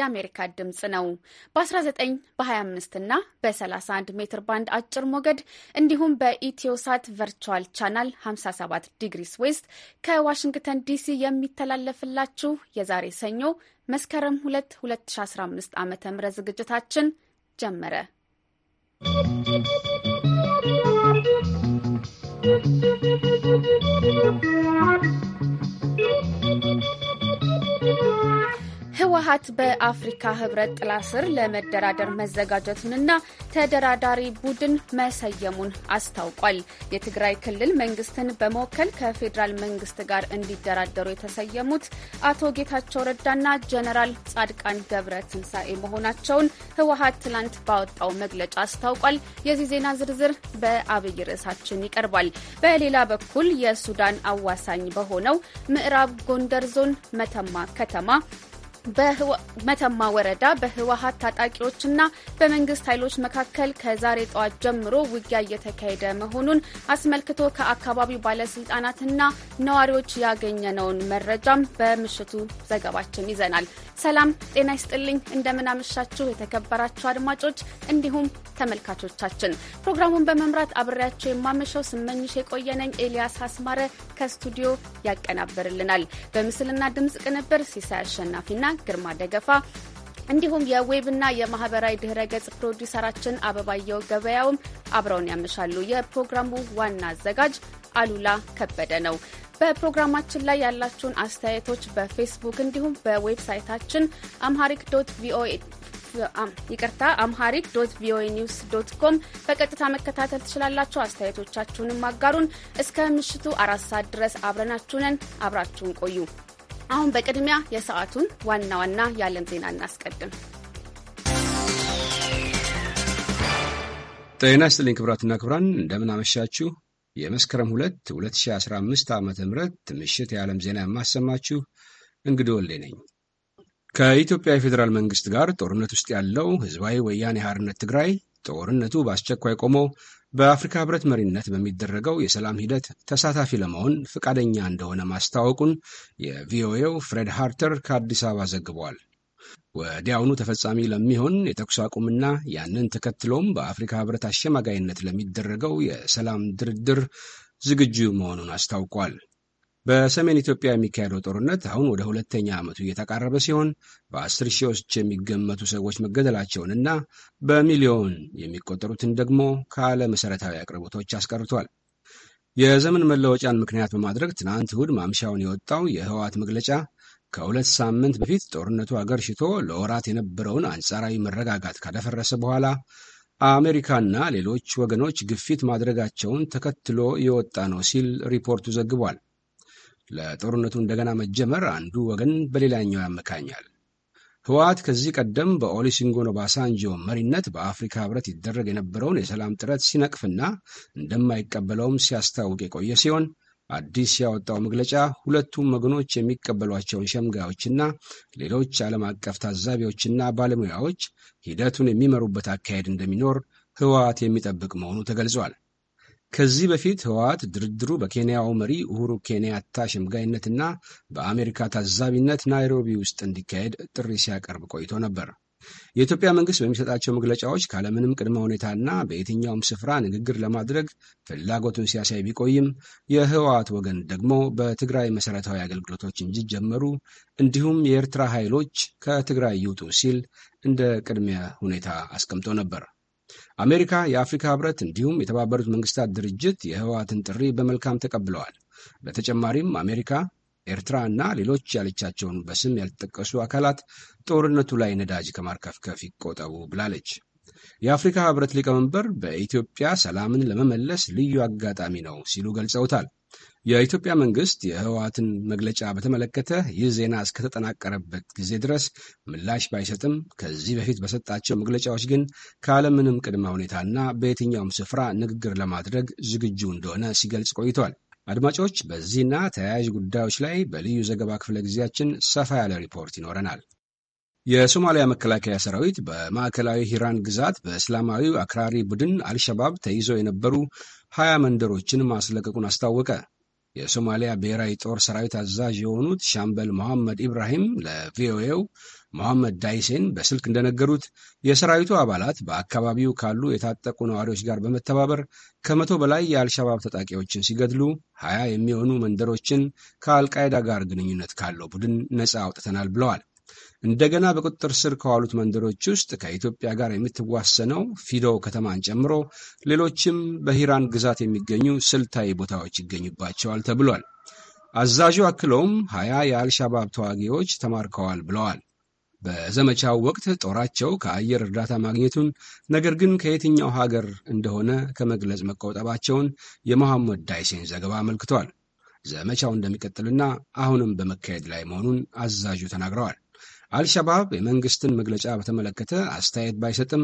የአሜሪካ ድምፅ ነው። በ19 በ25 እና በ31 ሜትር ባንድ አጭር ሞገድ እንዲሁም በኢትዮሳት ቨርቹዋል ቻናል 57 ዲግሪስ ዌስት ከዋሽንግተን ዲሲ የሚተላለፍላችሁ የዛሬ ሰኞ መስከረም 2 2015 ዓ ም ዝግጅታችን ጀመረ። ¶¶ ህወሀት በአፍሪካ ህብረት ጥላ ስር ለመደራደር መዘጋጀቱንና ተደራዳሪ ቡድን መሰየሙን አስታውቋል። የትግራይ ክልል መንግስትን በመወከል ከፌዴራል መንግስት ጋር እንዲደራደሩ የተሰየሙት አቶ ጌታቸው ረዳና ጀነራል ጻድቃን ገብረ ትንሳኤ መሆናቸውን ህወሀት ትላንት ባወጣው መግለጫ አስታውቋል። የዚህ ዜና ዝርዝር በአብይ ርዕሳችን ይቀርባል። በሌላ በኩል የሱዳን አዋሳኝ በሆነው ምዕራብ ጎንደር ዞን መተማ ከተማ መተማ ወረዳ በህወሀት ታጣቂዎችና በመንግስት ኃይሎች መካከል ከዛሬ ጠዋት ጀምሮ ውጊያ እየተካሄደ መሆኑን አስመልክቶ ከአካባቢው ባለስልጣናትና ነዋሪዎች ያገኘነውን መረጃም በምሽቱ ዘገባችን ይዘናል። ሰላም ጤና ይስጥልኝ። እንደምናመሻችሁ የተከበራችሁ አድማጮች እንዲሁም ተመልካቾቻችን ፕሮግራሙን በመምራት አብሬያቸው የማመሻው ስመኝሽ የቆየነኝ ኤልያስ አስማረ ከስቱዲዮ ያቀናብርልናል። በምስልና ድምፅ ቅንብር ሲሳይ አሸናፊና ግርማ ደገፋ እንዲሁም የዌብና የማህበራዊ ድህረ ገጽ ፕሮዲውሰራችን አበባየው ገበያውም አብረውን ያመሻሉ። የፕሮግራሙ ዋና አዘጋጅ አሉላ ከበደ ነው። በፕሮግራማችን ላይ ያላችሁን አስተያየቶች በፌስቡክ እንዲሁም በዌብሳይታችን አምሃሪክ ዶት ቪኦኤ ይቅርታ አምሃሪክ ዶት ቪኦኤ ኒውስ ዶት ኮም በቀጥታ መከታተል ትችላላችሁ። አስተያየቶቻችሁንም አጋሩን። እስከ ምሽቱ አራት ሰዓት ድረስ አብረናችሁንን አብራችሁን ቆዩ። አሁን በቅድሚያ የሰዓቱን ዋና ዋና የዓለም ዜና እናስቀድም። ጤና ይስጥልኝ ክብራትና ክብራን፣ እንደምናመሻችሁ የመስከረም 2 2015 ዓ ም ምሽት የዓለም ዜና የማሰማችሁ እንግዲህ ወልዴ ነኝ። ከኢትዮጵያ የፌዴራል መንግስት ጋር ጦርነት ውስጥ ያለው ህዝባዊ ወያኔ ሓርነት ትግራይ ጦርነቱ በአስቸኳይ ቆሞ በአፍሪካ ህብረት መሪነት በሚደረገው የሰላም ሂደት ተሳታፊ ለመሆን ፈቃደኛ እንደሆነ ማስታወቁን የቪኦኤው ፍሬድ ሃርተር ከአዲስ አበባ ዘግቧል። ወዲያውኑ ተፈጻሚ ለሚሆን የተኩስ አቁምና ያንን ተከትሎም በአፍሪካ ህብረት አሸማጋይነት ለሚደረገው የሰላም ድርድር ዝግጁ መሆኑን አስታውቋል። በሰሜን ኢትዮጵያ የሚካሄደው ጦርነት አሁን ወደ ሁለተኛ ዓመቱ እየተቃረበ ሲሆን በአስር ሺዎች የሚገመቱ ሰዎች መገደላቸውንና በሚሊዮን የሚቆጠሩትን ደግሞ ካለ መሠረታዊ አቅርቦቶች አስቀርቷል። የዘመን መለወጫን ምክንያት በማድረግ ትናንት እሁድ ማምሻውን የወጣው የህወሓት መግለጫ ከሁለት ሳምንት በፊት ጦርነቱ አገርሽቶ ለወራት የነበረውን አንጻራዊ መረጋጋት ካደፈረሰ በኋላ አሜሪካና ሌሎች ወገኖች ግፊት ማድረጋቸውን ተከትሎ የወጣ ነው ሲል ሪፖርቱ ዘግቧል። ለጦርነቱ እንደገና መጀመር አንዱ ወገን በሌላኛው ያመካኛል። ህወሓት ከዚህ ቀደም በኦሉሴጉን ኦባሳንጆ መሪነት በአፍሪካ ህብረት ይደረግ የነበረውን የሰላም ጥረት ሲነቅፍና እንደማይቀበለውም ሲያስታውቅ የቆየ ሲሆን አዲስ ያወጣው መግለጫ ሁለቱም ወገኖች የሚቀበሏቸውን ሸምጋዮችና ሌሎች ዓለም አቀፍ ታዛቢዎችና ባለሙያዎች ሂደቱን የሚመሩበት አካሄድ እንደሚኖር ህወሓት የሚጠብቅ መሆኑ ተገልጿል። ከዚህ በፊት ህወሓት ድርድሩ በኬንያው መሪ ኡሁሩ ኬንያታ ሸምጋይነትና በአሜሪካ ታዛቢነት ናይሮቢ ውስጥ እንዲካሄድ ጥሪ ሲያቀርብ ቆይቶ ነበር። የኢትዮጵያ መንግስት በሚሰጣቸው መግለጫዎች ካለምንም ቅድመ ሁኔታና በየትኛውም ስፍራ ንግግር ለማድረግ ፍላጎቱን ሲያሳይ ቢቆይም የህወሓት ወገን ደግሞ በትግራይ መሰረታዊ አገልግሎቶች እንዲጀመሩ እንዲሁም የኤርትራ ኃይሎች ከትግራይ ይውጡ ሲል እንደ ቅድሚያ ሁኔታ አስቀምጦ ነበር። አሜሪካ፣ የአፍሪካ ህብረት እንዲሁም የተባበሩት መንግስታት ድርጅት የህወሓትን ጥሪ በመልካም ተቀብለዋል። በተጨማሪም አሜሪካ፣ ኤርትራ እና ሌሎች ያለቻቸውን በስም ያልተጠቀሱ አካላት ጦርነቱ ላይ ነዳጅ ከማርከፍከፍ ይቆጠቡ ብላለች። የአፍሪካ ህብረት ሊቀመንበር በኢትዮጵያ ሰላምን ለመመለስ ልዩ አጋጣሚ ነው ሲሉ ገልጸውታል። የኢትዮጵያ መንግስት የህወሓትን መግለጫ በተመለከተ ይህ ዜና እስከተጠናቀረበት ጊዜ ድረስ ምላሽ ባይሰጥም ከዚህ በፊት በሰጣቸው መግለጫዎች ግን ካለምንም ቅድመ ሁኔታና በየትኛውም ስፍራ ንግግር ለማድረግ ዝግጁ እንደሆነ ሲገልጽ ቆይቷል። አድማጮች፣ በዚህና ተያያዥ ጉዳዮች ላይ በልዩ ዘገባ ክፍለ ጊዜያችን ሰፋ ያለ ሪፖርት ይኖረናል። የሶማሊያ መከላከያ ሰራዊት በማዕከላዊ ሂራን ግዛት በእስላማዊው አክራሪ ቡድን አልሸባብ ተይዘው የነበሩ ሀያ መንደሮችን ማስለቀቁን አስታወቀ። የሶማሊያ ብሔራዊ ጦር ሰራዊት አዛዥ የሆኑት ሻምበል መሐመድ ኢብራሂም ለቪኦኤው መሐመድ ዳይሴን በስልክ እንደነገሩት የሰራዊቱ አባላት በአካባቢው ካሉ የታጠቁ ነዋሪዎች ጋር በመተባበር ከመቶ በላይ የአልሸባብ ታጣቂዎችን ሲገድሉ ሀያ የሚሆኑ መንደሮችን ከአልቃይዳ ጋር ግንኙነት ካለው ቡድን ነፃ አውጥተናል ብለዋል። እንደገና በቁጥጥር ስር ከዋሉት መንደሮች ውስጥ ከኢትዮጵያ ጋር የምትዋሰነው ፊዶ ከተማን ጨምሮ ሌሎችም በሂራን ግዛት የሚገኙ ስልታዊ ቦታዎች ይገኙባቸዋል ተብሏል። አዛዡ አክለውም ሀያ የአልሻባብ ተዋጊዎች ተማርከዋል ብለዋል። በዘመቻው ወቅት ጦራቸው ከአየር እርዳታ ማግኘቱን ነገር ግን ከየትኛው ሀገር እንደሆነ ከመግለጽ መቆጠባቸውን የመሐመድ ዳይሴን ዘገባ አመልክቷል። ዘመቻው እንደሚቀጥልና አሁንም በመካሄድ ላይ መሆኑን አዛዡ ተናግረዋል። አልሻባብ የመንግስትን መግለጫ በተመለከተ አስተያየት ባይሰጥም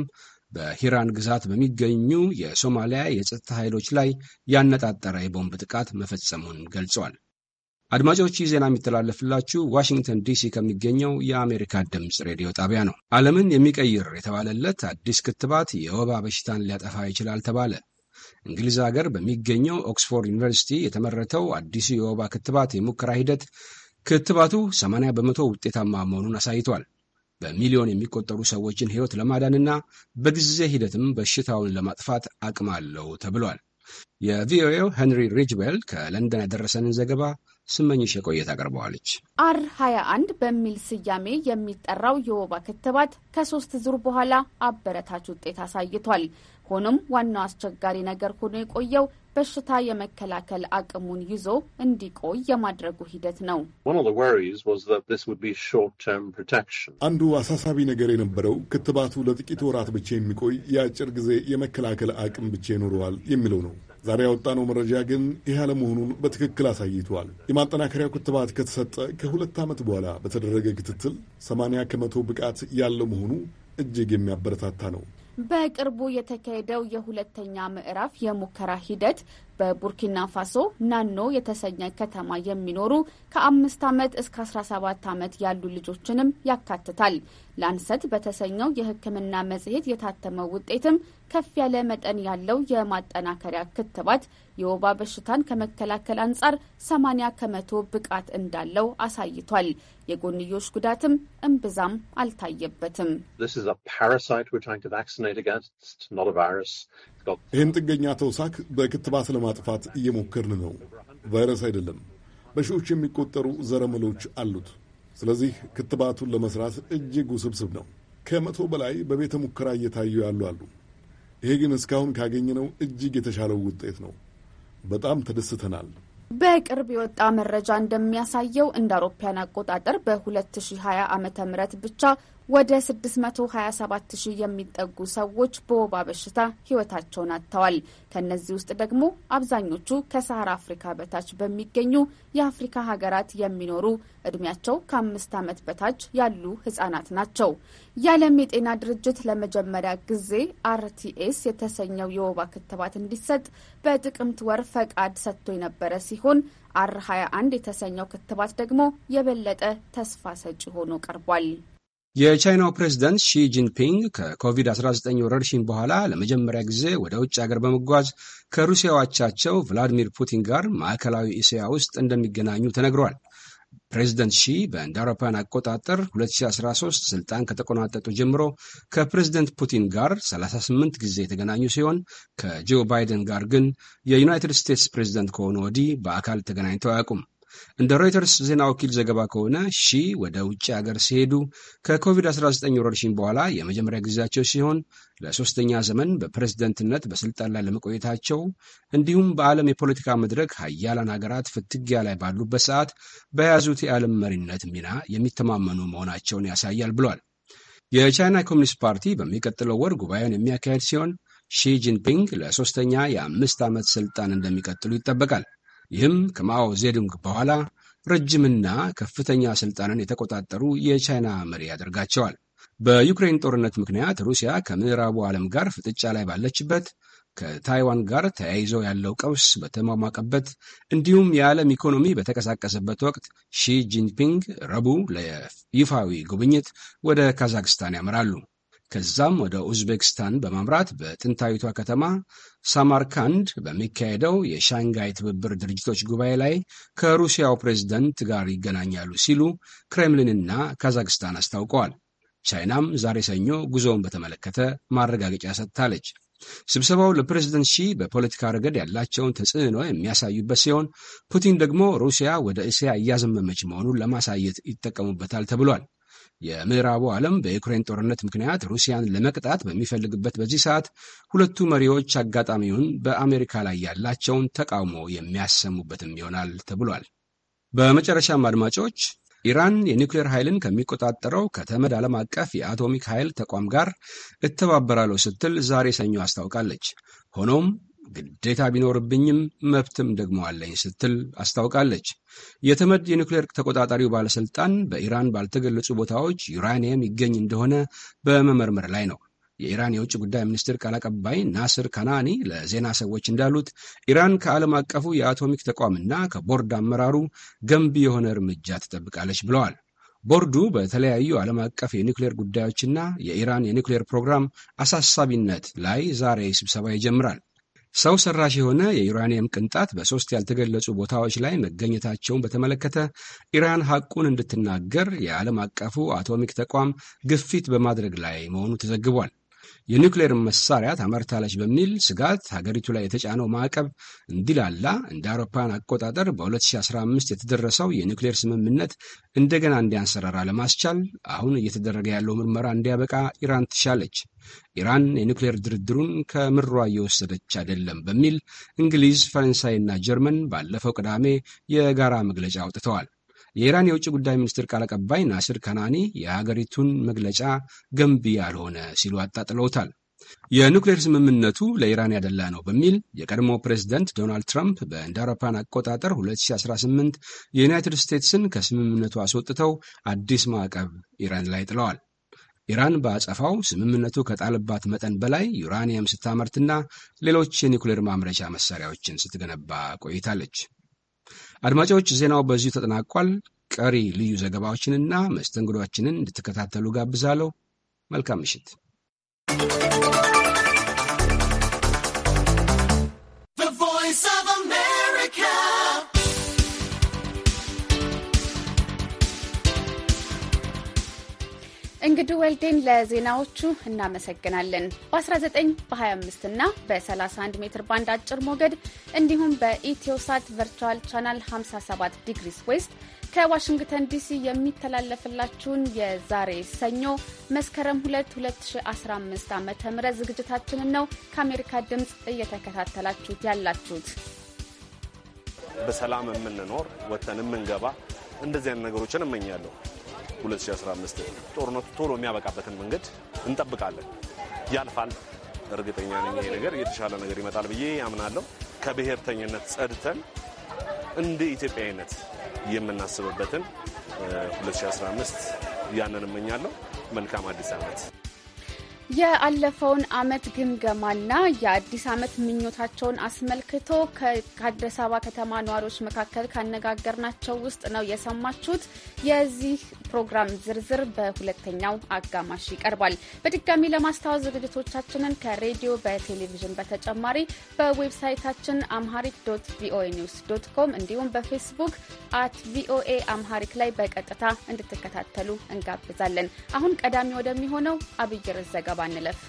በሂራን ግዛት በሚገኙ የሶማሊያ የጸጥታ ኃይሎች ላይ ያነጣጠረ የቦምብ ጥቃት መፈጸሙን ገልጿል። አድማጮች ይህ ዜና የሚተላለፍላችሁ ዋሽንግተን ዲሲ ከሚገኘው የአሜሪካ ድምፅ ሬዲዮ ጣቢያ ነው። ዓለምን የሚቀይር የተባለለት አዲስ ክትባት የወባ በሽታን ሊያጠፋ ይችላል ተባለ። እንግሊዝ ሀገር በሚገኘው ኦክስፎርድ ዩኒቨርሲቲ የተመረተው አዲሱ የወባ ክትባት የሙከራ ሂደት ክትባቱ 80 በመቶ ውጤታማ መሆኑን አሳይቷል። በሚሊዮን የሚቆጠሩ ሰዎችን ሕይወት ለማዳንና በጊዜ ሂደትም በሽታውን ለማጥፋት አቅም አለው ተብሏል። የቪኦኤው ሄንሪ ሪጅዌል ከለንደን ያደረሰንን ዘገባ ስመኝሽ የቆየት አቀርበዋለች። አር 21 በሚል ስያሜ የሚጠራው የወባ ክትባት ከሶስት ዙር በኋላ አበረታች ውጤት አሳይቷል። ሆኖም ዋናው አስቸጋሪ ነገር ሆኖ የቆየው በሽታ የመከላከል አቅሙን ይዞ እንዲቆይ የማድረጉ ሂደት ነው። አንዱ አሳሳቢ ነገር የነበረው ክትባቱ ለጥቂት ወራት ብቻ የሚቆይ የአጭር ጊዜ የመከላከል አቅም ብቻ ይኖረዋል የሚለው ነው። ዛሬ ያወጣነው መረጃ ግን ይህ አለመሆኑን በትክክል አሳይቷል። የማጠናከሪያው ክትባት ከተሰጠ ከሁለት ዓመት በኋላ በተደረገ ክትትል ሰማንያ ከመቶ ብቃት ያለው መሆኑ እጅግ የሚያበረታታ ነው። በቅርቡ የተካሄደው የሁለተኛ ምዕራፍ የሙከራ ሂደት በቡርኪና ፋሶ ናኖ የተሰኘ ከተማ የሚኖሩ ከአምስት ዓመት እስከ 17 ዓመት ያሉ ልጆችንም ያካትታል። ላንሰት በተሰኘው የሕክምና መጽሔት የታተመው ውጤትም ከፍ ያለ መጠን ያለው የማጠናከሪያ ክትባት የወባ በሽታን ከመከላከል አንጻር 80 ከመቶ ብቃት እንዳለው አሳይቷል። የጎንዮሽ ጉዳትም እምብዛም አልታየበትም። ይህን ጥገኛ ተውሳክ በክትባት ለማጥፋት እየሞከርን ነው። ቫይረስ አይደለም፣ በሺዎች የሚቆጠሩ ዘረመሎች አሉት። ስለዚህ ክትባቱን ለመስራት እጅግ ውስብስብ ነው። ከመቶ በላይ በቤተ ሙከራ እየታዩ ያሉ አሉ። ይሄ ግን እስካሁን ካገኘነው እጅግ የተሻለው ውጤት ነው። በጣም ተደስተናል። በቅርብ የወጣ መረጃ እንደሚያሳየው እንደ አውሮፓያን አቆጣጠር በ2020 ዓ ም ብቻ ወደ 627 ሺህ የሚጠጉ ሰዎች በወባ በሽታ ሕይወታቸውን አጥተዋል። ከእነዚህ ውስጥ ደግሞ አብዛኞቹ ከሰሃራ አፍሪካ በታች በሚገኙ የአፍሪካ ሀገራት የሚኖሩ እድሜያቸው ከአምስት ዓመት በታች ያሉ ህጻናት ናቸው። የዓለም የጤና ድርጅት ለመጀመሪያ ጊዜ አርቲኤስ የተሰኘው የወባ ክትባት እንዲሰጥ በጥቅምት ወር ፈቃድ ሰጥቶ የነበረ ሲሆን አር 21 የተሰኘው ክትባት ደግሞ የበለጠ ተስፋ ሰጪ ሆኖ ቀርቧል። የቻይናው ፕሬዝደንት ሺ ጂንፒንግ ከኮቪድ-19 ወረርሽኝ በኋላ ለመጀመሪያ ጊዜ ወደ ውጭ ሀገር በመጓዝ ከሩሲያው አቻቸው ቭላዲሚር ፑቲን ጋር ማዕከላዊ እስያ ውስጥ እንደሚገናኙ ተነግሯል። ፕሬዚደንት ሺ በእንደ አውሮፓውያን አቆጣጠር 2013 ስልጣን ከተቆናጠጡ ጀምሮ ከፕሬዚደንት ፑቲን ጋር 38 ጊዜ የተገናኙ ሲሆን ከጆ ባይደን ጋር ግን የዩናይትድ ስቴትስ ፕሬዚደንት ከሆኑ ወዲህ በአካል ተገናኝተው አያውቁም። እንደ ሮይተርስ ዜና ወኪል ዘገባ ከሆነ ሺ ወደ ውጭ ሀገር ሲሄዱ ከኮቪድ-19 ወረርሽኝ በኋላ የመጀመሪያ ጊዜያቸው ሲሆን ለሶስተኛ ዘመን በፕሬዝደንትነት በስልጣን ላይ ለመቆየታቸው እንዲሁም በዓለም የፖለቲካ መድረክ ሀያላን ሀገራት ፍትጊያ ላይ ባሉበት ሰዓት በያዙት የዓለም መሪነት ሚና የሚተማመኑ መሆናቸውን ያሳያል ብሏል። የቻይና ኮሚኒስት ፓርቲ በሚቀጥለው ወር ጉባኤውን የሚያካሄድ ሲሆን ሺ ጂንፒንግ ለሶስተኛ የአምስት ዓመት ስልጣን እንደሚቀጥሉ ይጠበቃል። ይህም ከማኦ ዜዱንግ በኋላ ረጅምና ከፍተኛ ስልጣንን የተቆጣጠሩ የቻይና መሪ ያደርጋቸዋል። በዩክሬን ጦርነት ምክንያት ሩሲያ ከምዕራቡ ዓለም ጋር ፍጥጫ ላይ ባለችበት፣ ከታይዋን ጋር ተያይዞ ያለው ቀውስ በተሟሟቀበት፣ እንዲሁም የዓለም ኢኮኖሚ በተቀሳቀሰበት ወቅት ሺ ጂንፒንግ ረቡዕ ለይፋዊ ጉብኝት ወደ ካዛክስታን ያመራሉ። ከዛም ወደ ኡዝቤክስታን በማምራት በጥንታዊቷ ከተማ ሳማርካንድ በሚካሄደው የሻንጋይ ትብብር ድርጅቶች ጉባኤ ላይ ከሩሲያው ፕሬዝደንት ጋር ይገናኛሉ ሲሉ ክሬምሊንና ካዛክስታን አስታውቀዋል። ቻይናም ዛሬ ሰኞ ጉዞውን በተመለከተ ማረጋገጫ ሰጥታለች። ስብሰባው ለፕሬዝደንት ሺ በፖለቲካ ረገድ ያላቸውን ተጽዕኖ የሚያሳዩበት ሲሆን ፑቲን ደግሞ ሩሲያ ወደ እስያ እያዘመመች መሆኑን ለማሳየት ይጠቀሙበታል ተብሏል። የምዕራቡ ዓለም በዩክሬን ጦርነት ምክንያት ሩሲያን ለመቅጣት በሚፈልግበት በዚህ ሰዓት ሁለቱ መሪዎች አጋጣሚውን በአሜሪካ ላይ ያላቸውን ተቃውሞ የሚያሰሙበትም ይሆናል ተብሏል። በመጨረሻም አድማጮች ኢራን የኒውክሌር ኃይልን ከሚቆጣጠረው ከተመድ ዓለም አቀፍ የአቶሚክ ኃይል ተቋም ጋር እተባበራለሁ ስትል ዛሬ ሰኞ አስታውቃለች። ሆኖም ግዴታ ቢኖርብኝም መብትም ደግሞ አለኝ ስትል አስታውቃለች። የተመድ የኒውክሌር ተቆጣጣሪው ባለስልጣን በኢራን ባልተገለጹ ቦታዎች ዩራኒየም ይገኝ እንደሆነ በመመርመር ላይ ነው። የኢራን የውጭ ጉዳይ ሚኒስትር ቃል አቀባይ ናስር ካናኒ ለዜና ሰዎች እንዳሉት ኢራን ከዓለም አቀፉ የአቶሚክ ተቋምና ከቦርድ አመራሩ ገንቢ የሆነ እርምጃ ትጠብቃለች ብለዋል። ቦርዱ በተለያዩ ዓለም አቀፍ የኒውክሌር ጉዳዮችና የኢራን የኒውክሌር ፕሮግራም አሳሳቢነት ላይ ዛሬ ስብሰባ ይጀምራል። ሰው ሰራሽ የሆነ የዩራኒየም ቅንጣት በሦስት ያልተገለጹ ቦታዎች ላይ መገኘታቸውን በተመለከተ ኢራን ሐቁን እንድትናገር የዓለም አቀፉ አቶሚክ ተቋም ግፊት በማድረግ ላይ መሆኑ ተዘግቧል። የኒውክሌር መሳሪያ ታመርታለች በሚል ስጋት ሀገሪቱ ላይ የተጫነው ማዕቀብ እንዲላላ እንደ አውሮፓውያን አቆጣጠር በ2015 የተደረሰው የኒውክሌር ስምምነት እንደገና እንዲያንሰራራ ለማስቻል አሁን እየተደረገ ያለው ምርመራ እንዲያበቃ ኢራን ትሻለች። ኢራን የኒውክሌር ድርድሩን ከምሯ እየወሰደች አይደለም በሚል እንግሊዝ፣ ፈረንሳይና ጀርመን ባለፈው ቅዳሜ የጋራ መግለጫ አውጥተዋል። የኢራን የውጭ ጉዳይ ሚኒስትር ቃል አቀባይ ናስር ከናኒ የሀገሪቱን መግለጫ ገንቢ ያልሆነ ሲሉ አጣጥለውታል። የኑክሌር ስምምነቱ ለኢራን ያደላ ነው በሚል የቀድሞ ፕሬዝደንት ዶናልድ ትራምፕ በእንደ አውሮፓን አቆጣጠር 2018 የዩናይትድ ስቴትስን ከስምምነቱ አስወጥተው አዲስ ማዕቀብ ኢራን ላይ ጥለዋል። ኢራን በአጸፋው ስምምነቱ ከጣለባት መጠን በላይ ዩራኒየም ስታመርትና ሌሎች የኒኩሌር ማምረቻ መሳሪያዎችን ስትገነባ ቆይታለች። አድማጮች፣ ዜናው በዚሁ ተጠናቋል። ቀሪ ልዩ ዘገባዎችንና መስተንግዶችንን እንድትከታተሉ ጋብዛለሁ። መልካም ምሽት። እንግዲህ ወልዴን ለዜናዎቹ እናመሰግናለን። በ19 በ25 እና በ31 ሜትር ባንድ አጭር ሞገድ እንዲሁም በኢትዮሳት ቨርቹዋል ቻናል 57 ዲግሪስ ዌስት ከዋሽንግተን ዲሲ የሚተላለፍላችሁን የዛሬ ሰኞ መስከረም 2 2015 ዓ ም ዝግጅታችንን ነው ከአሜሪካ ድምፅ እየተከታተላችሁት ያላችሁት። በሰላም የምንኖር ወተን የምንገባ እንደዚህ አይነት ነገሮችን እመኛለሁ። 2015 ጦርነቱ ቶሎ የሚያበቃበትን መንገድ እንጠብቃለን። ያልፋል። እርግጠኛ ነኝ ይሄ ነገር የተሻለ ነገር ይመጣል ብዬ ያምናለሁ ከብሔርተኝነት ጸድተን እንደ ኢትዮጵያዊነት የምናስብበትን 2015 ያንን እመኛለሁ። መልካም አዲስ ዓመት። የአለፈውን ዓመት ግምገማና የአዲስ ዓመት ምኞታቸውን አስመልክቶ ከአዲስ አበባ ከተማ ነዋሪዎች መካከል ካነጋገርናቸው ውስጥ ነው የሰማችሁት። የዚህ ፕሮግራም ዝርዝር በሁለተኛው አጋማሽ ይቀርባል። በድጋሚ ለማስታወስ ዝግጅቶቻችንን ከሬዲዮ በቴሌቪዥን በተጨማሪ በዌብሳይታችን አምሃሪክ ዶት ቪኦኤ ኒውስ ዶት ኮም እንዲሁም በፌስቡክ አት ቪኦኤ አምሃሪክ ላይ በቀጥታ እንድትከታተሉ እንጋብዛለን። አሁን ቀዳሚ ወደሚሆነው አብይ ርዕስ ዘገባ እንለፍ።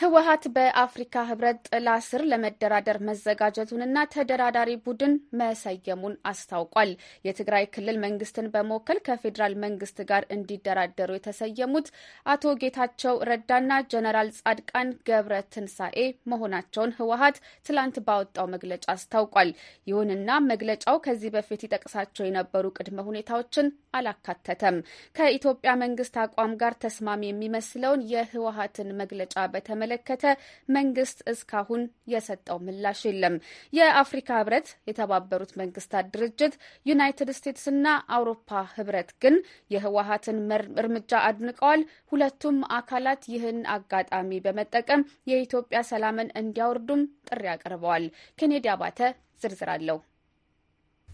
ህወሀት በአፍሪካ ህብረት ጥላ ስር ለመደራደር መዘጋጀቱንና ተደራዳሪ ቡድን መሰየሙን አስታውቋል። የትግራይ ክልል መንግስትን በመወከል ከፌዴራል መንግስት ጋር እንዲደራደሩ የተሰየሙት አቶ ጌታቸው ረዳና ጀነራል ጻድቃን ገብረ ትንሳኤ መሆናቸውን ህወሀት ትላንት ባወጣው መግለጫ አስታውቋል። ይሁንና መግለጫው ከዚህ በፊት ይጠቅሳቸው የነበሩ ቅድመ ሁኔታዎችን አላካተተም። ከኢትዮጵያ መንግስት አቋም ጋር ተስማሚ የሚመስለውን የህወሀትን መግለጫ በተመለከተ መንግስት እስካሁን የሰጠው ምላሽ የለም። የአፍሪካ ህብረት፣ የተባበሩት መንግስታት ድርጅት፣ ዩናይትድ ስቴትስ እና አውሮፓ ህብረት ግን የህወሀትን እርምጃ አድንቀዋል። ሁለቱም አካላት ይህን አጋጣሚ በመጠቀም የኢትዮጵያ ሰላምን እንዲያወርዱም ጥሪ አቅርበዋል። ኬኔዲ አባተ ዝርዝር አለው።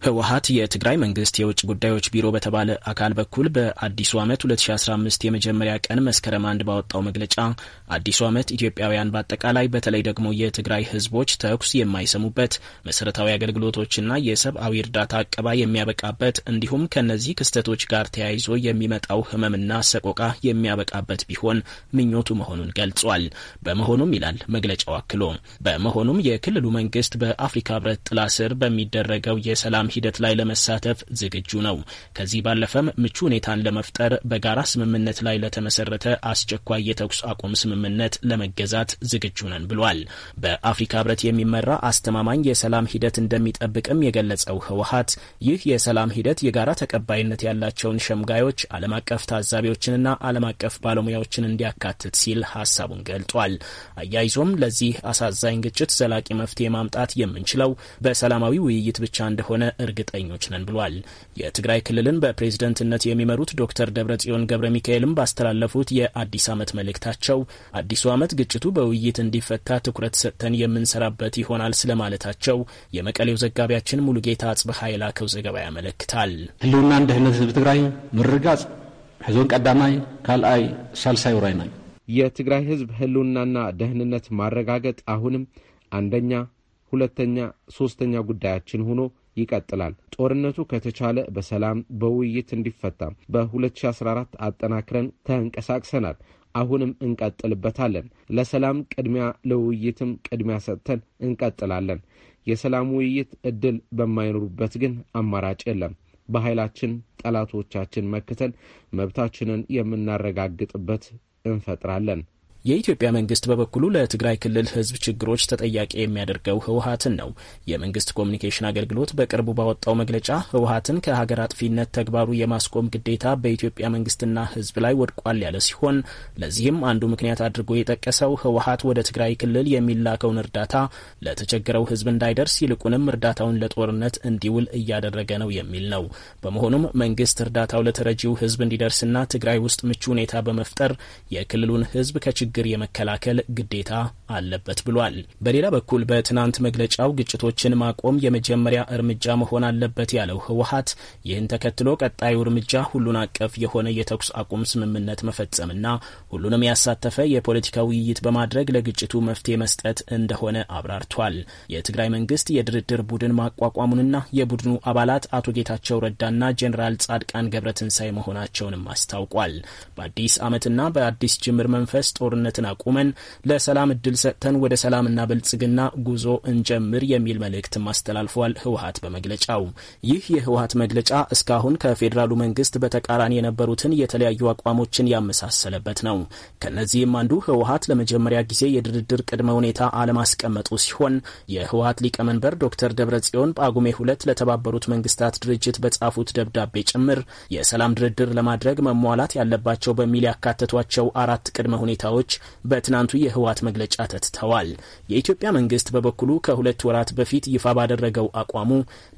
ህወሀት የትግራይ መንግስት የውጭ ጉዳዮች ቢሮ በተባለ አካል በኩል በአዲሱ ዓመት 2015 የመጀመሪያ ቀን መስከረም አንድ ባወጣው መግለጫ አዲሱ ዓመት ኢትዮጵያውያን በአጠቃላይ በተለይ ደግሞ የትግራይ ህዝቦች ተኩስ የማይሰሙበት መሰረታዊ አገልግሎቶችና የሰብአዊ እርዳታ አቀባ የሚያበቃበት እንዲሁም ከነዚህ ክስተቶች ጋር ተያይዞ የሚመጣው ህመምና ሰቆቃ የሚያበቃበት ቢሆን ምኞቱ መሆኑን ገልጿል። በመሆኑም ይላል መግለጫው አክሎ በመሆኑም የክልሉ መንግስት በአፍሪካ ህብረት ጥላ ስር በሚደረገው የሰላም የሰላም ሂደት ላይ ለመሳተፍ ዝግጁ ነው። ከዚህ ባለፈም ምቹ ሁኔታን ለመፍጠር በጋራ ስምምነት ላይ ለተመሰረተ አስቸኳይ የተኩስ አቁም ስምምነት ለመገዛት ዝግጁ ነን ብሏል። በአፍሪካ ህብረት የሚመራ አስተማማኝ የሰላም ሂደት እንደሚጠብቅም የገለጸው ህወሀት ይህ የሰላም ሂደት የጋራ ተቀባይነት ያላቸውን ሸምጋዮች፣ ዓለም አቀፍ ታዛቢዎችንና ዓለም አቀፍ ባለሙያዎችን እንዲያካትት ሲል ሀሳቡን ገልጧል። አያይዞም ለዚህ አሳዛኝ ግጭት ዘላቂ መፍትሄ ማምጣት የምንችለው በሰላማዊ ውይይት ብቻ እንደሆነ እርግጠኞች ነን ብሏል። የትግራይ ክልልን በፕሬዝደንትነት የሚመሩት ዶክተር ደብረጽዮን ገብረ ሚካኤልም ባስተላለፉት የአዲስ ዓመት መልእክታቸው አዲሱ ዓመት ግጭቱ በውይይት እንዲፈታ ትኩረት ሰጥተን የምንሰራበት ይሆናል ስለማለታቸው የመቀሌው ዘጋቢያችን ሙሉጌታ አጽብሃ የላከው ዘገባ ያመለክታል። ህልውና ድህነት ህዝብ ትግራይ ምርጋጽ ሕዞን ቀዳማይ ካልአይ ሳልሳይ ውራይና የትግራይ ህዝብ ህልውናና ደህንነት ማረጋገጥ አሁንም አንደኛ፣ ሁለተኛ፣ ሶስተኛ ጉዳያችን ሆኖ ይቀጥላል። ጦርነቱ ከተቻለ በሰላም በውይይት እንዲፈታ በ2014 አጠናክረን ተንቀሳቅሰናል። አሁንም እንቀጥልበታለን። ለሰላም ቅድሚያ ለውይይትም ቅድሚያ ሰጥተን እንቀጥላለን። የሰላም ውይይት እድል በማይኖሩበት ግን አማራጭ የለም። በኃይላችን ጠላቶቻችን መክተን መብታችንን የምናረጋግጥበት እንፈጥራለን። የኢትዮጵያ መንግስት በበኩሉ ለትግራይ ክልል ህዝብ ችግሮች ተጠያቂ የሚያደርገው ህወሀትን ነው። የመንግስት ኮሚኒኬሽን አገልግሎት በቅርቡ ባወጣው መግለጫ ህወሀትን ከሀገር አጥፊነት ተግባሩ የማስቆም ግዴታ በኢትዮጵያ መንግስትና ህዝብ ላይ ወድቋል ያለ ሲሆን ለዚህም አንዱ ምክንያት አድርጎ የጠቀሰው ህወሀት ወደ ትግራይ ክልል የሚላከውን እርዳታ ለተቸገረው ህዝብ እንዳይደርስ ይልቁንም እርዳታውን ለጦርነት እንዲውል እያደረገ ነው የሚል ነው። በመሆኑም መንግስት እርዳታው ለተረጂው ህዝብ እንዲደርስና ትግራይ ውስጥ ምቹ ሁኔታ በመፍጠር የክልሉን ህዝብ ከችግ ችግር የመከላከል ግዴታ አለበት ብሏል። በሌላ በኩል በትናንት መግለጫው ግጭቶችን ማቆም የመጀመሪያ እርምጃ መሆን አለበት ያለው ህወሀት ይህን ተከትሎ ቀጣዩ እርምጃ ሁሉን አቀፍ የሆነ የተኩስ አቁም ስምምነት መፈጸምና ሁሉንም ያሳተፈ የፖለቲካ ውይይት በማድረግ ለግጭቱ መፍትሄ መስጠት እንደሆነ አብራርቷል። የትግራይ መንግስት የድርድር ቡድን ማቋቋሙንና የቡድኑ አባላት አቶ ጌታቸው ረዳና ጄኔራል ጻድቃን ገብረትንሳኤ መሆናቸውንም አስታውቋል። በአዲስ ዓመትና በአዲስ ጅምር መንፈስ ጦርነት ጦርነትን አቁመን ለሰላም እድል ሰጥተን ወደ ሰላምና ብልጽግና ጉዞ እንጀምር የሚል መልእክትም አስተላልፏል ህወሀት በመግለጫው። ይህ የህወሀት መግለጫ እስካሁን ከፌዴራሉ መንግስት በተቃራኒ የነበሩትን የተለያዩ አቋሞችን ያመሳሰለበት ነው። ከነዚህም አንዱ ህወሀት ለመጀመሪያ ጊዜ የድርድር ቅድመ ሁኔታ አለማስቀመጡ ሲሆን የህወሀት ሊቀመንበር ዶክተር ደብረጽዮን ጳጉሜ ሁለት ለተባበሩት መንግስታት ድርጅት በጻፉት ደብዳቤ ጭምር የሰላም ድርድር ለማድረግ መሟላት ያለባቸው በሚል ያካተቷቸው አራት ቅድመ ሁኔታዎች በትናንቱ የህወሓት መግለጫ ተትተዋል። የኢትዮጵያ መንግስት በበኩሉ ከሁለት ወራት በፊት ይፋ ባደረገው አቋሙ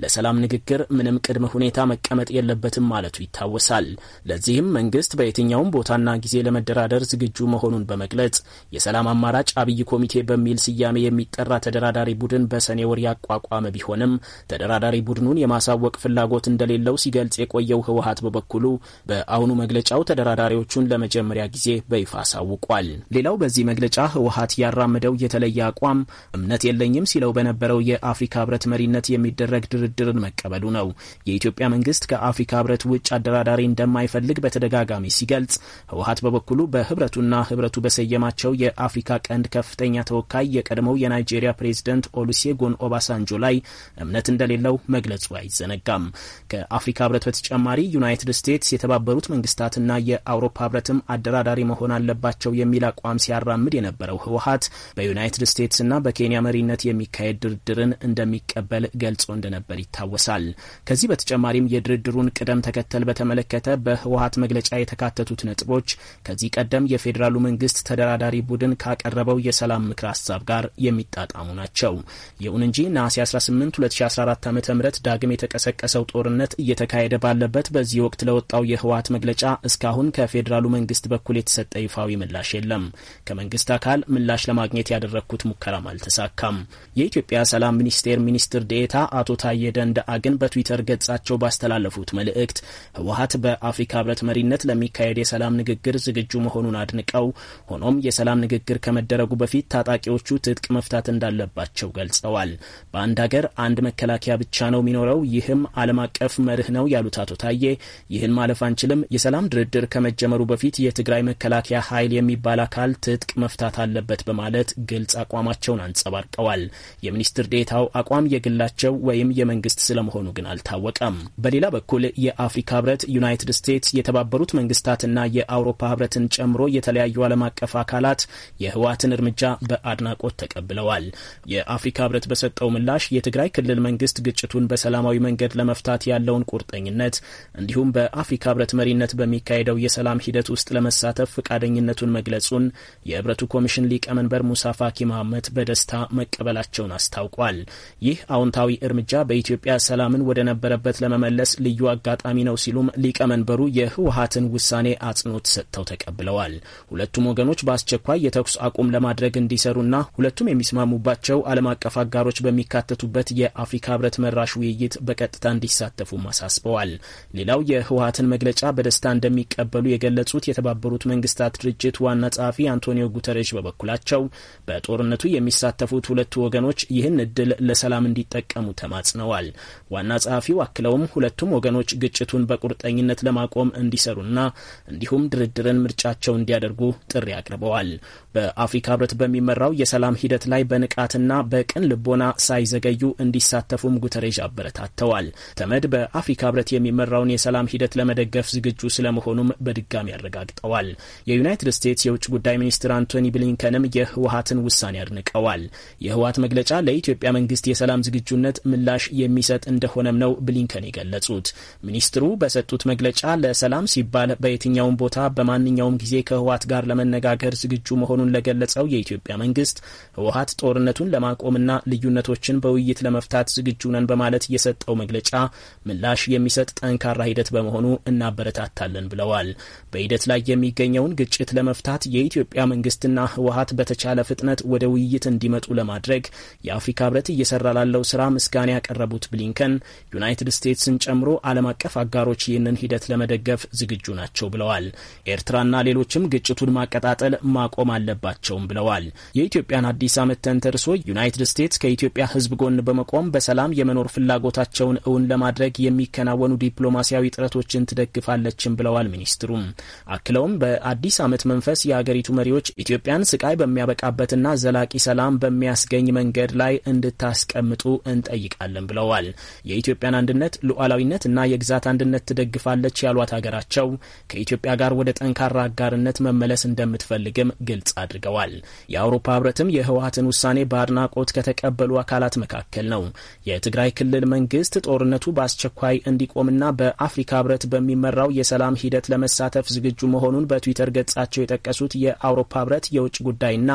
ለሰላም ንግግር ምንም ቅድመ ሁኔታ መቀመጥ የለበትም ማለቱ ይታወሳል። ለዚህም መንግስት በየትኛውም ቦታና ጊዜ ለመደራደር ዝግጁ መሆኑን በመግለጽ የሰላም አማራጭ አብይ ኮሚቴ በሚል ስያሜ የሚጠራ ተደራዳሪ ቡድን በሰኔ ወር ያቋቋመ ቢሆንም ተደራዳሪ ቡድኑን የማሳወቅ ፍላጎት እንደሌለው ሲገልጽ የቆየው ህወሓት በበኩሉ በአሁኑ መግለጫው ተደራዳሪዎቹን ለመጀመሪያ ጊዜ በይፋ አሳውቋል። ሌላው በዚህ መግለጫ ህወሀት ያራምደው የተለየ አቋም እምነት የለኝም ሲለው በነበረው የአፍሪካ ህብረት መሪነት የሚደረግ ድርድርን መቀበሉ ነው። የኢትዮጵያ መንግስት ከአፍሪካ ህብረት ውጭ አደራዳሪ እንደማይፈልግ በተደጋጋሚ ሲገልጽ፣ ህወሀት በበኩሉ በህብረቱና ህብረቱ በሰየማቸው የአፍሪካ ቀንድ ከፍተኛ ተወካይ የቀድሞው የናይጄሪያ ፕሬዝደንት ኦሉሴጎን ኦባሳንጆ ላይ እምነት እንደሌለው መግለጹ አይዘነጋም። ከአፍሪካ ህብረት በተጨማሪ ዩናይትድ ስቴትስ የተባበሩት መንግስታትና የአውሮፓ ህብረትም አደራዳሪ መሆን አለባቸው የሚል አቋም ሲያራምድ የነበረው ህወሀት በዩናይትድ ስቴትስና በኬንያ መሪነት የሚካሄድ ድርድርን እንደሚቀበል ገልጾ እንደነበር ይታወሳል። ከዚህ በተጨማሪም የድርድሩን ቅደም ተከተል በተመለከተ በህወሀት መግለጫ የተካተቱት ነጥቦች ከዚህ ቀደም የፌዴራሉ መንግስት ተደራዳሪ ቡድን ካቀረበው የሰላም ምክር ሀሳብ ጋር የሚጣጣሙ ናቸው። ይሁን እንጂ ነሐሴ 18 2014 ዓ ም ዳግም የተቀሰቀሰው ጦርነት እየተካሄደ ባለበት በዚህ ወቅት ለወጣው የህወሀት መግለጫ እስካሁን ከፌዴራሉ መንግስት በኩል የተሰጠ ይፋዊ ምላሽ የለም። አልቻለም። ከመንግስት አካል ምላሽ ለማግኘት ያደረግኩት ሙከራም አልተሳካም። የኢትዮጵያ ሰላም ሚኒስቴር ሚኒስትር ዴኤታ አቶ ታዬ ደንደአ ግን በትዊተር ገጻቸው ባስተላለፉት መልእክት ህወሀት በአፍሪካ ህብረት መሪነት ለሚካሄድ የሰላም ንግግር ዝግጁ መሆኑን አድንቀው፣ ሆኖም የሰላም ንግግር ከመደረጉ በፊት ታጣቂዎቹ ትጥቅ መፍታት እንዳለባቸው ገልጸዋል። በአንድ ሀገር አንድ መከላከያ ብቻ ነው የሚኖረው፣ ይህም ዓለም አቀፍ መርህ ነው ያሉት አቶ ታዬ ይህን ማለፍ አንችልም። የሰላም ድርድር ከመጀመሩ በፊት የትግራይ መከላከያ ኃይል የሚባል አካል ትጥቅ መፍታት አለበት በማለት ግልጽ አቋማቸውን አንጸባርቀዋል። የሚኒስትር ዴታው አቋም የግላቸው ወይም የመንግስት ስለመሆኑ ግን አልታወቀም። በሌላ በኩል የአፍሪካ ህብረት፣ ዩናይትድ ስቴትስ፣ የተባበሩት መንግስታትና የአውሮፓ ህብረትን ጨምሮ የተለያዩ ዓለም አቀፍ አካላት የህወሓትን እርምጃ በአድናቆት ተቀብለዋል። የአፍሪካ ህብረት በሰጠው ምላሽ የትግራይ ክልል መንግስት ግጭቱን በሰላማዊ መንገድ ለመፍታት ያለውን ቁርጠኝነት እንዲሁም በአፍሪካ ህብረት መሪነት በሚካሄደው የሰላም ሂደት ውስጥ ለመሳተፍ ፈቃደኝነቱን መግለጹ መገለጹን የህብረቱ ኮሚሽን ሊቀመንበር ሙሳ ፋኪ መሐመድ በደስታ መቀበላቸውን አስታውቋል። ይህ አዎንታዊ እርምጃ በኢትዮጵያ ሰላምን ወደ ነበረበት ለመመለስ ልዩ አጋጣሚ ነው ሲሉም ሊቀመንበሩ የህወሀትን ውሳኔ አጽንኦት ሰጥተው ተቀብለዋል። ሁለቱም ወገኖች በአስቸኳይ የተኩስ አቁም ለማድረግ እንዲሰሩና ሁለቱም የሚስማሙባቸው ዓለም አቀፍ አጋሮች በሚካተቱበት የአፍሪካ ህብረት መራሽ ውይይት በቀጥታ እንዲሳተፉም አሳስበዋል። ሌላው የህወሀትን መግለጫ በደስታ እንደሚቀበሉ የገለጹት የተባበሩት መንግስታት ድርጅት ዋና ጸሐፊ አንቶኒዮ ጉተሬሽ በበኩላቸው በጦርነቱ የሚሳተፉት ሁለቱ ወገኖች ይህን እድል ለሰላም እንዲጠቀሙ ተማጽነዋል። ዋና ጸሐፊው አክለውም ሁለቱም ወገኖች ግጭቱን በቁርጠኝነት ለማቆም እንዲሰሩና እንዲሁም ድርድርን ምርጫቸው እንዲያደርጉ ጥሪ አቅርበዋል። በአፍሪካ ህብረት በሚመራው የሰላም ሂደት ላይ በንቃትና በቅን ልቦና ሳይዘገዩ እንዲሳተፉም ጉተሬዥ አበረታተዋል። ተመድ በአፍሪካ ህብረት የሚመራውን የሰላም ሂደት ለመደገፍ ዝግጁ ስለመሆኑም በድጋሚ አረጋግጠዋል። የዩናይትድ ስቴትስ የውጭ ጉዳይ ሚኒስትር አንቶኒ ብሊንከንም የህወሀትን ውሳኔ አድንቀዋል። የህወሀት መግለጫ ለኢትዮጵያ መንግስት የሰላም ዝግጁነት ምላሽ የሚሰጥ እንደሆነም ነው ብሊንከን የገለጹት። ሚኒስትሩ በሰጡት መግለጫ ለሰላም ሲባል በየትኛውም ቦታ በማንኛውም ጊዜ ከህወሀት ጋር ለመነጋገር ዝግጁ መሆኑን ለገለጸው የኢትዮጵያ መንግስት ህወሀት ጦርነቱን ለማቆምና ልዩነቶችን በውይይት ለመፍታት ዝግጁ ነን በማለት የሰጠው መግለጫ ምላሽ የሚሰጥ ጠንካራ ሂደት በመሆኑ እናበረታታለን ብለዋል። በሂደት ላይ የሚገኘውን ግጭት ለመፍታት የ የኢትዮጵያ መንግስትና ህወሀት በተቻለ ፍጥነት ወደ ውይይት እንዲመጡ ለማድረግ የአፍሪካ ህብረት እየሰራ ላለው ስራ ምስጋና ያቀረቡት ብሊንከን ዩናይትድ ስቴትስን ጨምሮ ዓለም አቀፍ አጋሮች ይህንን ሂደት ለመደገፍ ዝግጁ ናቸው ብለዋል። ኤርትራና ሌሎችም ግጭቱን ማቀጣጠል ማቆም አለባቸውም ብለዋል። የኢትዮጵያን አዲስ ዓመት ተንተርሶ ዩናይትድ ስቴትስ ከኢትዮጵያ ህዝብ ጎን በመቆም በሰላም የመኖር ፍላጎታቸውን እውን ለማድረግ የሚከናወኑ ዲፕሎማሲያዊ ጥረቶችን ትደግፋለችም ብለዋል ሚኒስትሩም አክለውም በአዲስ ዓመት መንፈስ የአገር የሀገሪቱ መሪዎች ኢትዮጵያን ስቃይ በሚያበቃበትና ዘላቂ ሰላም በሚያስገኝ መንገድ ላይ እንድታስቀምጡ እንጠይቃለን ብለዋል። የኢትዮጵያን አንድነት ሉዓላዊነት እና የግዛት አንድነት ትደግፋለች ያሏት ሀገራቸው ከኢትዮጵያ ጋር ወደ ጠንካራ አጋርነት መመለስ እንደምትፈልግም ግልጽ አድርገዋል። የአውሮፓ ህብረትም የህወሀትን ውሳኔ በአድናቆት ከተቀበሉ አካላት መካከል ነው። የትግራይ ክልል መንግስት ጦርነቱ በአስቸኳይ እንዲቆምና በአፍሪካ ህብረት በሚመራው የሰላም ሂደት ለመሳተፍ ዝግጁ መሆኑን በትዊተር ገጻቸው የጠቀሱት የአውሮፓ ህብረት የውጭ ጉዳይና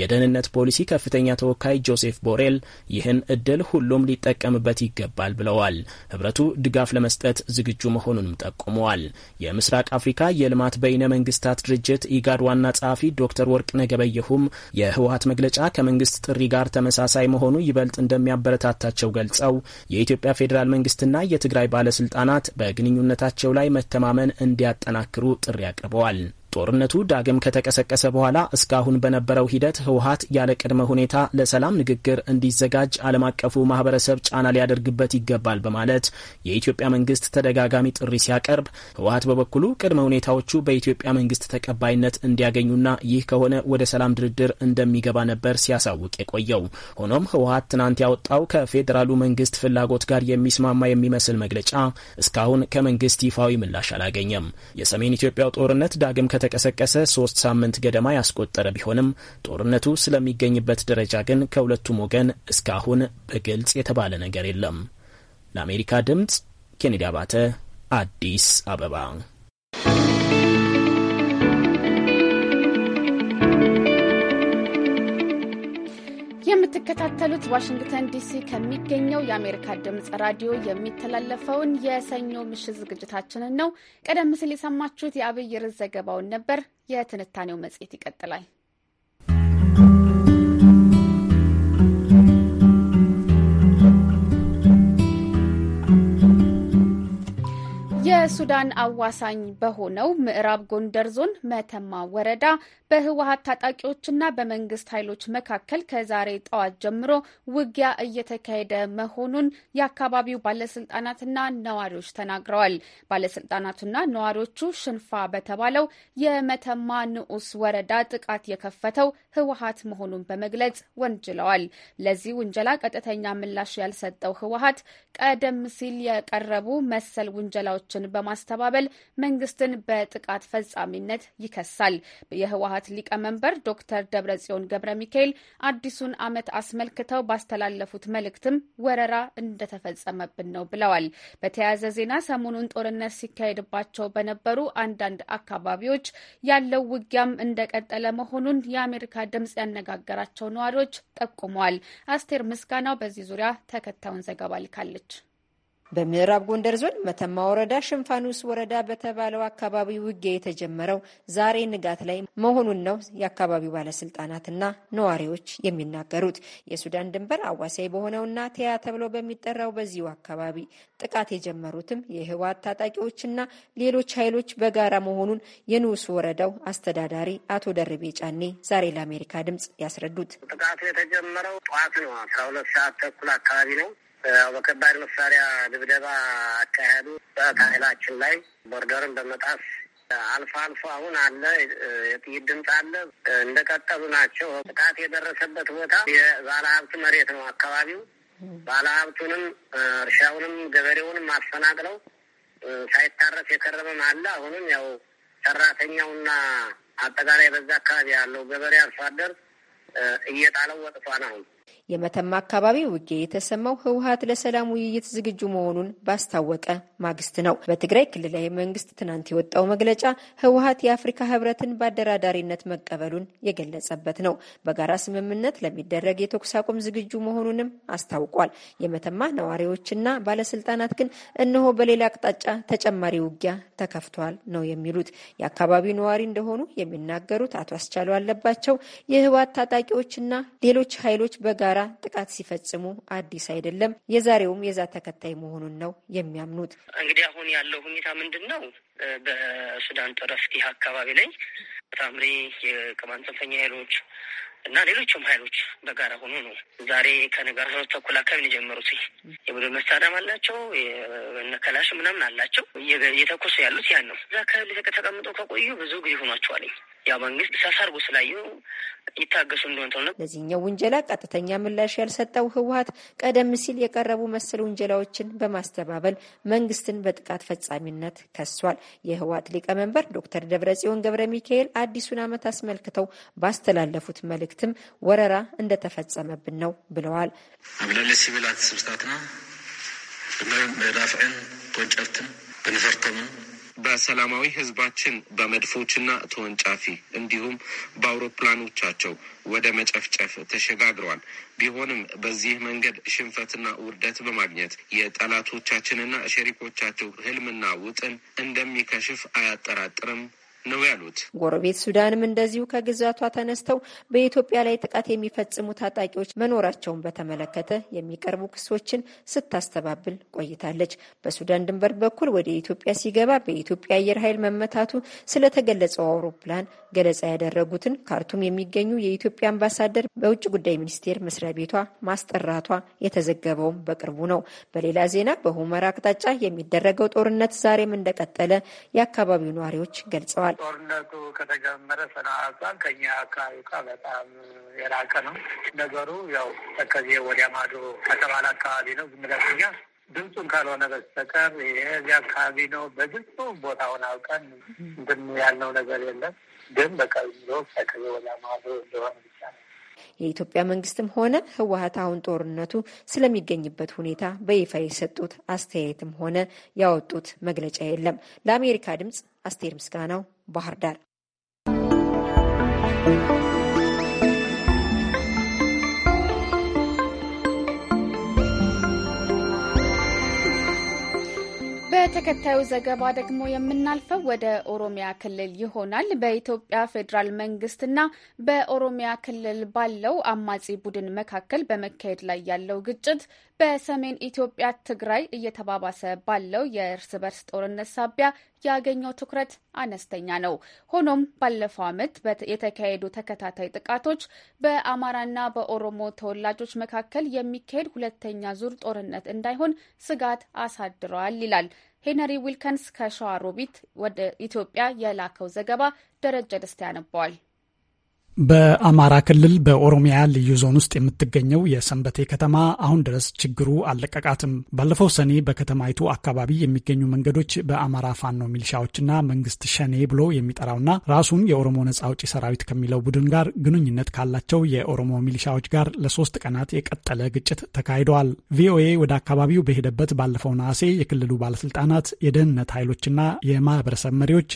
የደህንነት ፖሊሲ ከፍተኛ ተወካይ ጆሴፍ ቦሬል ይህን እድል ሁሉም ሊጠቀምበት ይገባል ብለዋል። ህብረቱ ድጋፍ ለመስጠት ዝግጁ መሆኑንም ጠቁመዋል። የምስራቅ አፍሪካ የልማት በይነ መንግስታት ድርጅት ኢጋድ ዋና ጸሐፊ ዶክተር ወርቅ ነገበየሁም የህወሀት መግለጫ ከመንግስት ጥሪ ጋር ተመሳሳይ መሆኑ ይበልጥ እንደሚያበረታታቸው ገልጸው የኢትዮጵያ ፌዴራል መንግስትና የትግራይ ባለስልጣናት በግንኙነታቸው ላይ መተማመን እንዲያጠናክሩ ጥሪ አቅርበዋል። ጦርነቱ ዳግም ከተቀሰቀሰ በኋላ እስካሁን በነበረው ሂደት ህወሀት ያለ ቅድመ ሁኔታ ለሰላም ንግግር እንዲዘጋጅ ዓለም አቀፉ ማህበረሰብ ጫና ሊያደርግበት ይገባል በማለት የኢትዮጵያ መንግስት ተደጋጋሚ ጥሪ ሲያቀርብ፣ ህወሀት በበኩሉ ቅድመ ሁኔታዎቹ በኢትዮጵያ መንግስት ተቀባይነት እንዲያገኙና ይህ ከሆነ ወደ ሰላም ድርድር እንደሚገባ ነበር ሲያሳውቅ የቆየው። ሆኖም ህወሀት ትናንት ያወጣው ከፌዴራሉ መንግስት ፍላጎት ጋር የሚስማማ የሚመስል መግለጫ እስካሁን ከመንግስት ይፋዊ ምላሽ አላገኘም። የሰሜን ኢትዮጵያው ጦርነት ዳግም ከተ ከተቀሰቀሰ ሶስት ሳምንት ገደማ ያስቆጠረ ቢሆንም ጦርነቱ ስለሚገኝበት ደረጃ ግን ከሁለቱም ወገን እስካሁን በግልጽ የተባለ ነገር የለም። ለአሜሪካ ድምፅ ኬኔዲ አባተ አዲስ አበባ የምትከታተሉት ዋሽንግተን ዲሲ ከሚገኘው የአሜሪካ ድምፅ ራዲዮ የሚተላለፈውን የሰኞ ምሽት ዝግጅታችንን ነው። ቀደም ሲል የሰማችሁት የአብይ ርዕስ ዘገባውን ነበር። የትንታኔው መጽሔት ይቀጥላል። የሱዳን አዋሳኝ በሆነው ምዕራብ ጎንደር ዞን መተማ ወረዳ በህወሀት ታጣቂዎችና በመንግስት ኃይሎች መካከል ከዛሬ ጠዋት ጀምሮ ውጊያ እየተካሄደ መሆኑን የአካባቢው ባለስልጣናትና ነዋሪዎች ተናግረዋል። ባለስልጣናቱና ነዋሪዎቹ ሽንፋ በተባለው የመተማ ንዑስ ወረዳ ጥቃት የከፈተው ህወሀት መሆኑን በመግለጽ ወንጅለዋል። ለዚህ ውንጀላ ቀጥተኛ ምላሽ ያልሰጠው ህወሀት ቀደም ሲል የቀረቡ መሰል ውንጀላዎች ድርጅቶችን በማስተባበል መንግስትን በጥቃት ፈጻሚነት ይከሳል። የህወሀት ሊቀመንበር ዶክተር ደብረጽዮን ገብረ ሚካኤል አዲሱን ዓመት አስመልክተው ባስተላለፉት መልእክትም ወረራ እንደተፈጸመብን ነው ብለዋል። በተያያዘ ዜና ሰሞኑን ጦርነት ሲካሄድባቸው በነበሩ አንዳንድ አካባቢዎች ያለው ውጊያም እንደቀጠለ መሆኑን የአሜሪካ ድምጽ ያነጋገራቸው ነዋሪዎች ጠቁመዋል። አስቴር ምስጋናው በዚህ ዙሪያ ተከታዩን ዘገባ ልካለች። በምዕራብ ጎንደር ዞን መተማ ወረዳ ሽንፋኑስ ወረዳ በተባለው አካባቢ ውጊያ የተጀመረው ዛሬ ንጋት ላይ መሆኑን ነው የአካባቢው ባለስልጣናትና ነዋሪዎች የሚናገሩት። የሱዳን ድንበር አዋሳይ በሆነውና ቲያ ተብሎ በሚጠራው በዚሁ አካባቢ ጥቃት የጀመሩትም የህወሓት ታጣቂዎችና ሌሎች ኃይሎች በጋራ መሆኑን የንዑስ ወረዳው አስተዳዳሪ አቶ ደርቤ ጫኔ ዛሬ ለአሜሪካ ድምጽ ያስረዱት። ጥቃቱ የተጀመረው ጠዋት ነው። አስራ ሁለት ሰዓት ተኩል አካባቢ ነው በከባድ መሳሪያ ድብደባ አካሄዱ ከኃይላችን ላይ ቦርደርን በመጣስ አልፎ አልፎ አሁን አለ የጥይት ድምፅ አለ። እንደቀጠሉ ናቸው። ጥቃት የደረሰበት ቦታ የባለሀብት መሬት ነው አካባቢው። ባለሀብቱንም እርሻውንም ገበሬውንም አፈናቅለው ሳይታረስ የከረመም አለ። አሁንም ያው ሰራተኛውና አጠቃላይ በዛ አካባቢ ያለው ገበሬ አርሶ አደር እየጣለው ወጥቷ አሁን የመተማ አካባቢ ውጊያ የተሰማው ህወሀት ለሰላም ውይይት ዝግጁ መሆኑን ባስታወቀ ማግስት ነው። በትግራይ ክልላዊ መንግስት ትናንት የወጣው መግለጫ ህወሀት የአፍሪካ ህብረትን በአደራዳሪነት መቀበሉን የገለጸበት ነው። በጋራ ስምምነት ለሚደረግ የተኩስ አቁም ዝግጁ መሆኑንም አስታውቋል። የመተማ ነዋሪዎችና ባለስልጣናት ግን እነሆ በሌላ አቅጣጫ ተጨማሪ ውጊያ ተከፍቷል ነው የሚሉት። የአካባቢው ነዋሪ እንደሆኑ የሚናገሩት አቶ አስቻሉ አለባቸው የህወሀት ታጣቂዎችና ሌሎች ኃይሎች በ በጋራ ጥቃት ሲፈጽሙ አዲስ አይደለም፣ የዛሬውም የዛ ተከታይ መሆኑን ነው የሚያምኑት። እንግዲህ አሁን ያለው ሁኔታ ምንድን ነው? በሱዳን ጦር አካባቢ ላይ ታምሪ የቅማንት ጽንፈኛ ኃይሎች እና ሌሎችም ኃይሎች በጋራ ሆኖ ነው ዛሬ ከነጋር ሶስት ተኩል አካባቢ የጀመሩት። የቡድን መሳሪያም አላቸው ነከላሽ ምናምን አላቸው እየተኮሱ ያሉት ያን ነው። እዛ አካባቢ ተቀምጠው ከቆዩ ብዙ ጊዜ ሆኗቸዋል። ያ መንግስት ሲያሳርጉ ስላዩ ይታገሱ እንደሆን ተብሎ ለዚህኛው ውንጀላ ቀጥተኛ ምላሽ ያልሰጠው ህወሀት ቀደም ሲል የቀረቡ መሰል ውንጀላዎችን በማስተባበል መንግስትን በጥቃት ፈጻሚነት ከሷል። የህወሀት ሊቀመንበር ዶክተር ደብረጽዮን ገብረ ሚካኤል አዲሱን ዓመት አስመልክተው ባስተላለፉት መልእክትም ወረራ እንደተፈጸመብን ነው ብለዋል። አብለለ ሲቪላት ስብስታትና ምዕራፍዕን ወንጨብትን ብንፈርተምን በሰላማዊ ህዝባችን በመድፎችና ተወንጫፊ እንዲሁም በአውሮፕላኖቻቸው ወደ መጨፍጨፍ ተሸጋግረዋል። ቢሆንም በዚህ መንገድ ሽንፈትና ውርደት በማግኘት የጠላቶቻችንና ሸሪኮቻቸው ህልምና ውጥን እንደሚከሽፍ አያጠራጥርም ነው ያሉት። ጎረቤት ሱዳንም እንደዚሁ ከግዛቷ ተነስተው በኢትዮጵያ ላይ ጥቃት የሚፈጽሙ ታጣቂዎች መኖራቸውን በተመለከተ የሚቀርቡ ክሶችን ስታስተባብል ቆይታለች። በሱዳን ድንበር በኩል ወደ ኢትዮጵያ ሲገባ በኢትዮጵያ አየር ኃይል መመታቱ ስለተገለጸው አውሮፕላን ገለጻ ያደረጉትን ካርቱም የሚገኙ የኢትዮጵያ አምባሳደር በውጭ ጉዳይ ሚኒስቴር መስሪያ ቤቷ ማስጠራቷ የተዘገበውም በቅርቡ ነው። በሌላ ዜና በሁመራ አቅጣጫ የሚደረገው ጦርነት ዛሬም እንደቀጠለ የአካባቢው ነዋሪዎች ገልጸዋል። ጦርነቱ ከተጀመረ ሰና ከኛ አካባቢ ቃ በጣም የራቀ ነው ነገሩ። ያው ተከዜ ወዲያ ማዶ ከተባለ አካባቢ ነው ዝምለኛ ድምፁን ካልሆነ በስተቀር የዚህ አካባቢ ነው። በግልጹ ቦታውን አውቀን እንትን ያልነው ነገር የለም። ግን በቃ ብሎ ተከዜ ወዲያ ማዶ እንደሆነ ብቻ ነው። የኢትዮጵያ መንግስትም ሆነ ህወሀት አሁን ጦርነቱ ስለሚገኝበት ሁኔታ በይፋ የሰጡት አስተያየትም ሆነ ያወጡት መግለጫ የለም። ለአሜሪካ ድምጽ አስቴር ምስጋናው ባህር ዳር። በተከታዩ ዘገባ ደግሞ የምናልፈው ወደ ኦሮሚያ ክልል ይሆናል። በኢትዮጵያ ፌዴራል መንግስትና በኦሮሚያ ክልል ባለው አማጺ ቡድን መካከል በመካሄድ ላይ ያለው ግጭት በሰሜን ኢትዮጵያ ትግራይ እየተባባሰ ባለው የእርስ በርስ ጦርነት ሳቢያ ያገኘው ትኩረት አነስተኛ ነው። ሆኖም ባለፈው ዓመት የተካሄዱ ተከታታይ ጥቃቶች በአማራና በኦሮሞ ተወላጆች መካከል የሚካሄድ ሁለተኛ ዙር ጦርነት እንዳይሆን ስጋት አሳድረዋል ይላል ሄነሪ ዊልከንስ ከሸዋሮቢት ወደ ኢትዮጵያ የላከው ዘገባ። ደረጃ ደስታ ያነበዋል። በአማራ ክልል በኦሮሚያ ልዩ ዞን ውስጥ የምትገኘው የሰንበቴ ከተማ አሁን ድረስ ችግሩ አልለቀቃትም። ባለፈው ሰኔ በከተማይቱ አካባቢ የሚገኙ መንገዶች በአማራ ፋኖ ሚሊሻዎችና መንግስት ሸኔ ብሎ የሚጠራውና ራሱን የኦሮሞ ነጻ አውጪ ሰራዊት ከሚለው ቡድን ጋር ግንኙነት ካላቸው የኦሮሞ ሚሊሻዎች ጋር ለሶስት ቀናት የቀጠለ ግጭት ተካሂደዋል። ቪኦኤ ወደ አካባቢው በሄደበት ባለፈው ነሐሴ የክልሉ ባለስልጣናት፣ የደህንነት ኃይሎችና የማህበረሰብ መሪዎች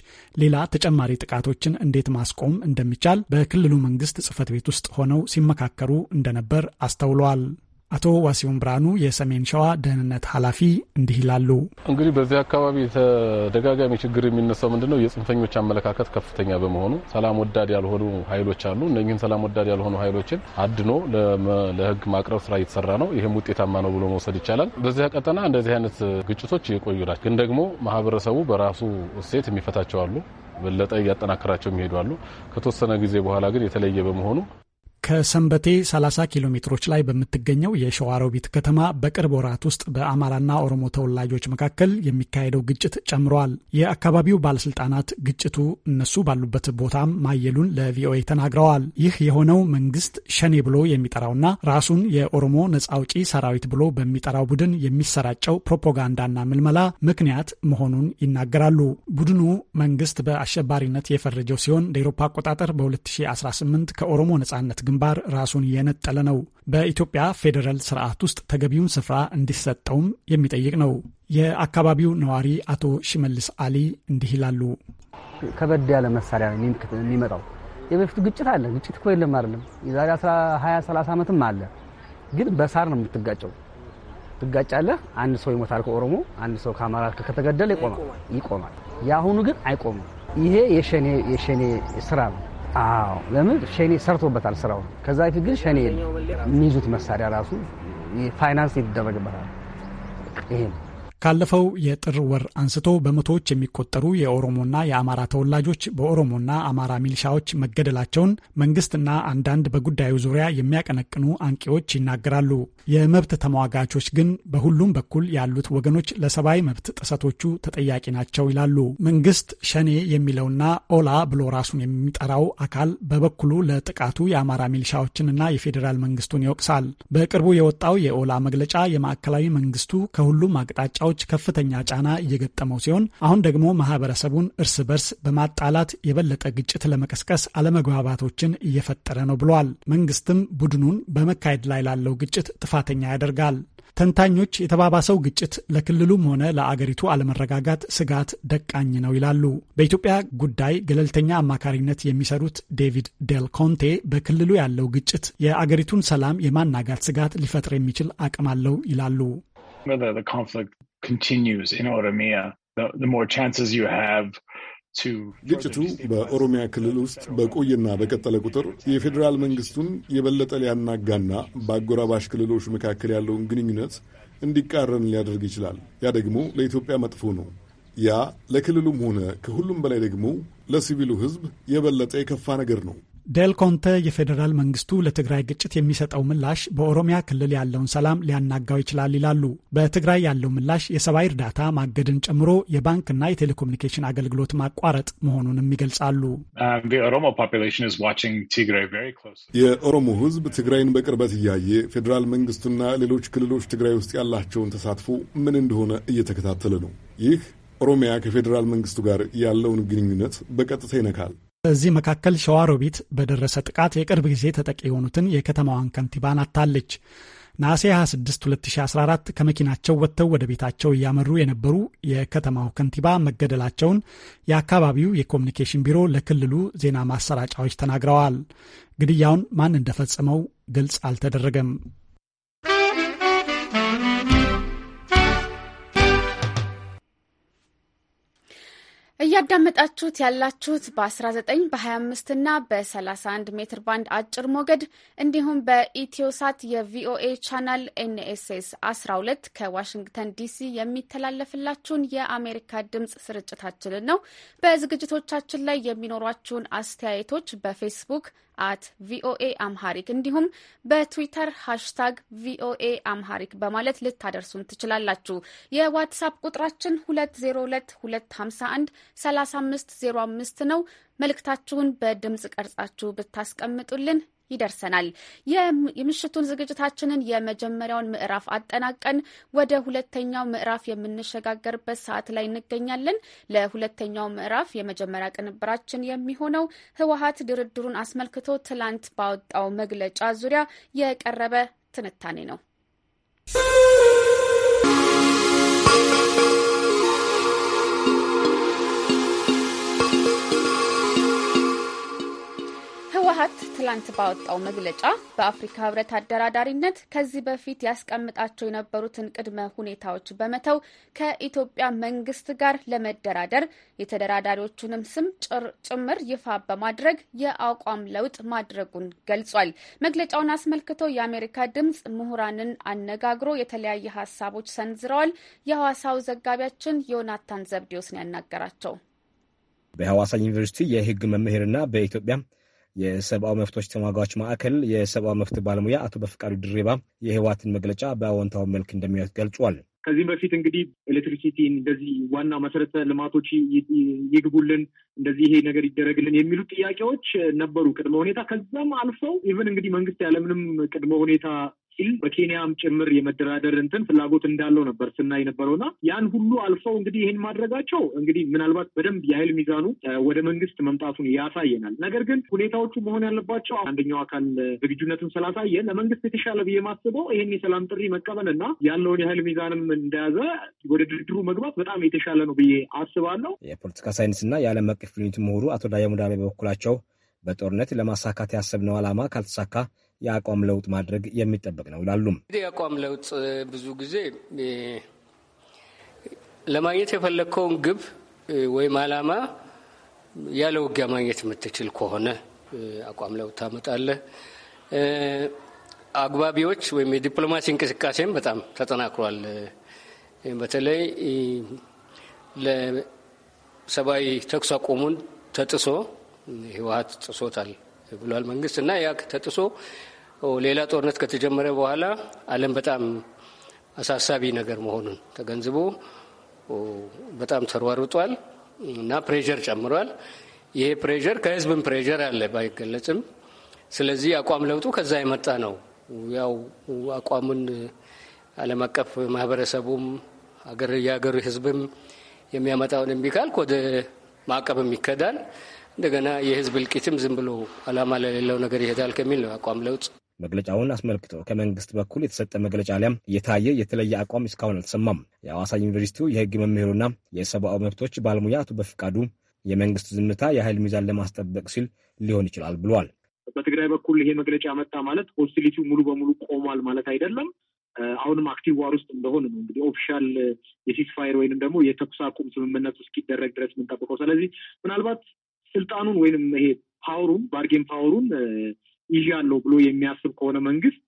ሌላ ተጨማሪ ጥቃቶችን እንዴት ማስቆም እንደሚቻል በክልሉ በክልሉ መንግስት ጽህፈት ቤት ውስጥ ሆነው ሲመካከሩ እንደነበር አስተውለዋል። አቶ ዋሲሁን ብርሃኑ የሰሜን ሸዋ ደህንነት ኃላፊ እንዲህ ይላሉ። እንግዲህ በዚህ አካባቢ የተደጋጋሚ ችግር የሚነሳው ምንድነው? የጽንፈኞች አመለካከት ከፍተኛ በመሆኑ ሰላም ወዳድ ያልሆኑ ኃይሎች አሉ። እነኚህን ሰላም ወዳድ ያልሆኑ ኃይሎችን አድኖ ለህግ ማቅረብ ስራ እየተሰራ ነው። ይህም ውጤታማ ነው ብሎ መውሰድ ይቻላል። በዚያ ቀጠና እንደዚህ አይነት ግጭቶች እየቆዩ ናቸው። ግን ደግሞ ማህበረሰቡ በራሱ እሴት የሚፈታቸው አሉ። በለጠ እያጠናከራቸው ይሄዳሉ። ከተወሰነ ጊዜ በኋላ ግን የተለየ በመሆኑ ከሰንበቴ 30 ኪሎ ሜትሮች ላይ በምትገኘው የሸዋሮቢት ከተማ በቅርብ ወራት ውስጥ በአማራና ኦሮሞ ተወላጆች መካከል የሚካሄደው ግጭት ጨምረዋል። የአካባቢው ባለስልጣናት ግጭቱ እነሱ ባሉበት ቦታም ማየሉን ለቪኦኤ ተናግረዋል። ይህ የሆነው መንግስት ሸኔ ብሎ የሚጠራውና ራሱን የኦሮሞ ነጻ አውጪ ሰራዊት ብሎ በሚጠራው ቡድን የሚሰራጨው ፕሮፓጋንዳና ምልመላ ምክንያት መሆኑን ይናገራሉ። ቡድኑ መንግስት በአሸባሪነት የፈረጀው ሲሆን እንደ አውሮፓ አቆጣጠር በ2018 ከኦሮሞ ነጻነት ግንባር ራሱን የነጠለ ነው። በኢትዮጵያ ፌዴራል ስርዓት ውስጥ ተገቢውን ስፍራ እንዲሰጠውም የሚጠይቅ ነው። የአካባቢው ነዋሪ አቶ ሽመልስ አሊ እንዲህ ይላሉ። ከበድ ያለ መሳሪያ ነው የሚመጣው የበፊቱ ግጭት አለ። ግጭት እኮ የለም አይደለም። የዛሬ 20 30 ዓመትም አለ፣ ግን በሳር ነው የምትጋጨው። ትጋጫለህ። አንድ ሰው ይሞታል፣ ከኦሮሞ አንድ ሰው ከአማራ ከተገደለ ይቆማል። ይቆማል። የአሁኑ ግን አይቆምም። ይሄ የሸኔ ስራ ነው። አዎ ለምን ሸኔ ሰርቶበታል ስራውን። ከዛ በፊት ግን ሸኔ የሚይዙት መሳሪያ ራሱ ፋይናንስ ይደረግበታል ይሄ ካለፈው የጥር ወር አንስቶ በመቶዎች የሚቆጠሩ የኦሮሞና የአማራ ተወላጆች በኦሮሞና አማራ ሚሊሻዎች መገደላቸውን መንግስትና አንዳንድ በጉዳዩ ዙሪያ የሚያቀነቅኑ አንቂዎች ይናገራሉ። የመብት ተሟጋቾች ግን በሁሉም በኩል ያሉት ወገኖች ለሰብአዊ መብት ጥሰቶቹ ተጠያቂ ናቸው ይላሉ። መንግስት ሸኔ የሚለውና ኦላ ብሎ ራሱን የሚጠራው አካል በበኩሉ ለጥቃቱ የአማራ ሚሊሻዎችንና የፌዴራል መንግስቱን ይወቅሳል። በቅርቡ የወጣው የኦላ መግለጫ የማዕከላዊ መንግስቱ ከሁሉም አቅጣጫ ጋዜጣዎች ከፍተኛ ጫና እየገጠመው ሲሆን አሁን ደግሞ ማህበረሰቡን እርስ በርስ በማጣላት የበለጠ ግጭት ለመቀስቀስ አለመግባባቶችን እየፈጠረ ነው ብሏል። መንግስትም ቡድኑን በመካሄድ ላይ ላለው ግጭት ጥፋተኛ ያደርጋል። ተንታኞች የተባባሰው ግጭት ለክልሉም ሆነ ለአገሪቱ አለመረጋጋት ስጋት ደቃኝ ነው ይላሉ። በኢትዮጵያ ጉዳይ ገለልተኛ አማካሪነት የሚሰሩት ዴቪድ ዴል ኮንቴ በክልሉ ያለው ግጭት የአገሪቱን ሰላም የማናጋት ስጋት ሊፈጥር የሚችል አቅም አለው ይላሉ። whether the conflict continues in Oromia, the, the more chances you have ግጭቱ በኦሮሚያ ክልል ውስጥ በቆየና በቀጠለ ቁጥር የፌዴራል መንግስቱን የበለጠ ሊያናጋና በአጎራባሽ ክልሎች መካከል ያለውን ግንኙነት እንዲቃረን ሊያደርግ ይችላል። ያ ደግሞ ለኢትዮጵያ መጥፎ ነው። ያ ለክልሉም ሆነ ከሁሉም በላይ ደግሞ ለሲቪሉ ሕዝብ የበለጠ የከፋ ነገር ነው። ደልኮንተ የፌዴራል መንግስቱ ለትግራይ ግጭት የሚሰጠው ምላሽ በኦሮሚያ ክልል ያለውን ሰላም ሊያናጋው ይችላል ይላሉ። በትግራይ ያለው ምላሽ የሰብአዊ እርዳታ ማገድን ጨምሮ የባንክና የቴሌኮሙኒኬሽን አገልግሎት ማቋረጥ መሆኑንም ይገልጻሉ። um, የኦሮሞ ህዝብ ትግራይን በቅርበት እያየ ፌዴራል መንግስቱና ሌሎች ክልሎች ትግራይ ውስጥ ያላቸውን ተሳትፎ ምን እንደሆነ እየተከታተለ ነው። ይህ ኦሮሚያ ከፌዴራል መንግስቱ ጋር ያለውን ግንኙነት በቀጥታ ይነካል። በዚህ መካከል ሸዋሮቢት በደረሰ ጥቃት የቅርብ ጊዜ ተጠቂ የሆኑትን የከተማዋን ከንቲባን አታለች። ነሐሴ 26 2014 ከመኪናቸው ወጥተው ወደ ቤታቸው እያመሩ የነበሩ የከተማው ከንቲባ መገደላቸውን የአካባቢው የኮሚኒኬሽን ቢሮ ለክልሉ ዜና ማሰራጫዎች ተናግረዋል። ግድያውን ማን እንደፈጸመው ግልጽ አልተደረገም። እያዳመጣችሁት ያላችሁት በ19 በ25 እና በ31 ሜትር ባንድ አጭር ሞገድ እንዲሁም በኢትዮሳት የቪኦኤ ቻናል ኤንኤስኤስ 12 ከዋሽንግተን ዲሲ የሚተላለፍላችሁን የአሜሪካ ድምፅ ስርጭታችንን ነው። በዝግጅቶቻችን ላይ የሚኖሯችሁን አስተያየቶች በፌስቡክ አት ቪኦኤ አምሃሪክ እንዲሁም በትዊተር ሃሽታግ ቪኦኤ አምሃሪክ በማለት ልታደርሱን ትችላላችሁ። የዋትሳፕ ቁጥራችን 202251 3505 ነው። መልእክታችሁን በድምፅ ቀርጻችሁ ብታስቀምጡልን ይደርሰናል። የምሽቱን ዝግጅታችንን የመጀመሪያውን ምዕራፍ አጠናቀን ወደ ሁለተኛው ምዕራፍ የምንሸጋገርበት ሰዓት ላይ እንገኛለን። ለሁለተኛው ምዕራፍ የመጀመሪያ ቅንብራችን የሚሆነው ህወሀት ድርድሩን አስመልክቶ ትላንት ባወጣው መግለጫ ዙሪያ የቀረበ ትንታኔ ነው። ህወሀት ትላንት ባወጣው መግለጫ በአፍሪካ ህብረት አደራዳሪነት ከዚህ በፊት ያስቀምጣቸው የነበሩትን ቅድመ ሁኔታዎች በመተው ከኢትዮጵያ መንግስት ጋር ለመደራደር የተደራዳሪዎቹንም ስም ጭምር ይፋ በማድረግ የአቋም ለውጥ ማድረጉን ገልጿል። መግለጫውን አስመልክቶ የአሜሪካ ድምጽ ምሁራንን አነጋግሮ የተለያየ ሀሳቦች ሰንዝረዋል። የሐዋሳው ዘጋቢያችን ዮናታን ዘብዴዎስን ያናገራቸው በሐዋሳ ዩኒቨርሲቲ የህግ መምህርና በኢትዮጵያ የሰብአዊ መብቶች ተሟጋች ማዕከል የሰብአዊ መብት ባለሙያ አቶ በፍቃዱ ድሬባ የህወሓትን መግለጫ በአዎንታዊ መልክ እንደሚያዩት ገልጿል። ከዚህም በፊት እንግዲህ ኤሌክትሪሲቲ እንደዚህ ዋና መሰረተ ልማቶች ይግቡልን፣ እንደዚህ ይሄ ነገር ይደረግልን የሚሉ ጥያቄዎች ነበሩ ቅድመ ሁኔታ። ከዛም አልፈው ኢቨን እንግዲህ መንግስት ያለምንም ቅድመ ሁኔታ ሲል በኬንያም ጭምር የመደራደር እንትን ፍላጎት እንዳለው ነበር ስናይ ነበረውና ያን ሁሉ አልፈው እንግዲህ ይህን ማድረጋቸው እንግዲህ ምናልባት በደንብ የኃይል ሚዛኑ ወደ መንግስት መምጣቱን ያሳየናል። ነገር ግን ሁኔታዎቹ መሆን ያለባቸው አንደኛው አካል ዝግጁነቱን ስላሳየ ለመንግስት የተሻለ ብዬ ማስበው ይህን የሰላም ጥሪ መቀበል እና ያለውን የኃይል ሚዛንም እንደያዘ ወደ ድርድሩ መግባት በጣም የተሻለ ነው ብዬ አስባለሁ። የፖለቲካ ሳይንስና የዓለም አቀፍ ግንኙነት ምሁሩ አቶ ዳያሙዳሜ በበኩላቸው በጦርነት ለማሳካት ያሰብነው ዓላማ ካልተሳካ የአቋም ለውጥ ማድረግ የሚጠበቅ ነው ይላሉም። የአቋም ለውጥ ብዙ ጊዜ ለማግኘት የፈለግከውን ግብ ወይም አላማ ያለ ውጊያ ማግኘት የምትችል ከሆነ አቋም ለውጥ ታመጣለህ። አግባቢዎች ወይም የዲፕሎማሲ እንቅስቃሴም በጣም ተጠናክሯል። በተለይ ለሰብአዊ ተኩስ አቁሙን ተጥሶ ህወሀት ጥሶታል። ብሏል መንግስት እና ያ ተጥሶ ሌላ ጦርነት ከተጀመረ በኋላ ዓለም በጣም አሳሳቢ ነገር መሆኑን ተገንዝቦ በጣም ተሯሩጧል እና ፕሬዠር ጨምሯል። ይሄ ፕሬዠር ከህዝብም ፕሬዠር አለ ባይገለጽም፣ ስለዚህ አቋም ለውጡ ከዛ የመጣ ነው። ያው አቋሙን ዓለም አቀፍ ማህበረሰቡም የሀገሩ ህዝብም የሚያመጣውን እምቢ ካልክ ወደ ማዕቀብም ይከዳል። እንደገና የህዝብ እልቂትም ዝም ብሎ አላማ ለሌለው ነገር ይሄዳል ከሚል ነው አቋም ለውጥ። መግለጫውን አስመልክቶ ከመንግስት በኩል የተሰጠ መግለጫ አሊያም የታየ የተለየ አቋም እስካሁን አልተሰማም። የሐዋሳ ዩኒቨርሲቲው የህግ መምህሩና የሰብአዊ መብቶች ባለሙያ አቶ በፍቃዱ የመንግስት ዝምታ የኃይል ሚዛን ለማስጠበቅ ሲል ሊሆን ይችላል ብሏል። በትግራይ በኩል ይሄ መግለጫ መጣ ማለት ሆስቲሊቲው ሙሉ በሙሉ ቆሟል ማለት አይደለም። አሁንም አክቲቭ ዋር ውስጥ እንደሆነ ነው እንግዲህ ኦፊሻል የሲስፋየር ወይንም ደግሞ የተኩስ አቁም ስምምነቱ እስኪደረግ ድረስ የምንጠብቀው። ስለዚህ ምናልባት ስልጣኑን ወይንም ይሄ ፓወሩን ባርጌን ፓወሩን ይዣለሁ ብሎ የሚያስብ ከሆነ መንግስት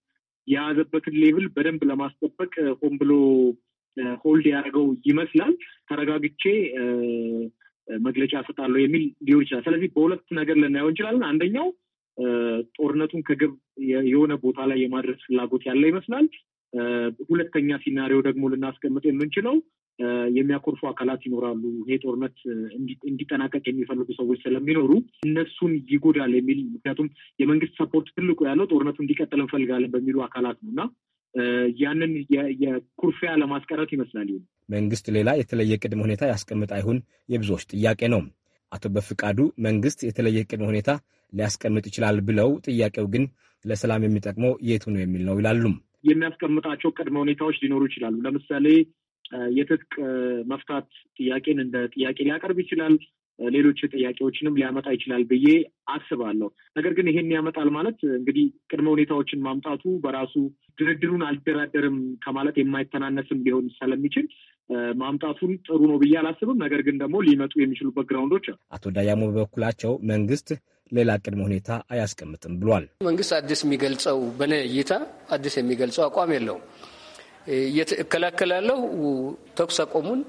የያዘበትን ሌብል በደንብ ለማስጠበቅ ሆን ብሎ ሆልድ ያደረገው ይመስላል። ተረጋግቼ መግለጫ ሰጣለሁ የሚል ሊሆን ይችላል። ስለዚህ በሁለት ነገር ልናየው እንችላለን። አንደኛው ጦርነቱን ከግብ የሆነ ቦታ ላይ የማድረስ ፍላጎት ያለ ይመስላል። ሁለተኛ ሲናሪዮ ደግሞ ልናስቀምጥ የምንችለው የሚያኮርፉ አካላት ይኖራሉ። ይሄ ጦርነት እንዲጠናቀቅ የሚፈልጉ ሰዎች ስለሚኖሩ እነሱን ይጎዳል የሚል ምክንያቱም የመንግስት ሰፖርት ትልቁ ያለው ጦርነቱ እንዲቀጥል እንፈልጋለን በሚሉ አካላት ነው እና ያንን የኩርፊያ ለማስቀረት ይመስላል። መንግስት ሌላ የተለየ ቅድመ ሁኔታ ያስቀምጥ አይሁን የብዙዎች ጥያቄ ነው። አቶ በፍቃዱ መንግስት የተለየ ቅድመ ሁኔታ ሊያስቀምጥ ይችላል ብለው ጥያቄው ግን ለሰላም የሚጠቅመው የቱ ነው የሚል ነው ይላሉም። የሚያስቀምጣቸው ቅድመ ሁኔታዎች ሊኖሩ ይችላሉ። ለምሳሌ የትጥቅ መፍታት ጥያቄን እንደ ጥያቄ ሊያቀርብ ይችላል። ሌሎች ጥያቄዎችንም ሊያመጣ ይችላል ብዬ አስባለሁ። ነገር ግን ይሄን ያመጣል ማለት እንግዲህ ቅድመ ሁኔታዎችን ማምጣቱ በራሱ ድርድሩን አልደራደርም ከማለት የማይተናነስም ሊሆን ስለሚችል ማምጣቱን ጥሩ ነው ብዬ አላስብም። ነገር ግን ደግሞ ሊመጡ የሚችሉበት ግራውንዶች አሉ። አቶ ዳያሞ በበኩላቸው መንግስት ሌላ ቅድመ ሁኔታ አያስቀምጥም ብሏል። መንግስት አዲስ የሚገልጸው በእኔ እይታ አዲስ የሚገልጸው አቋም የለውም እከላከላለሁ ተኩስ አቆሙን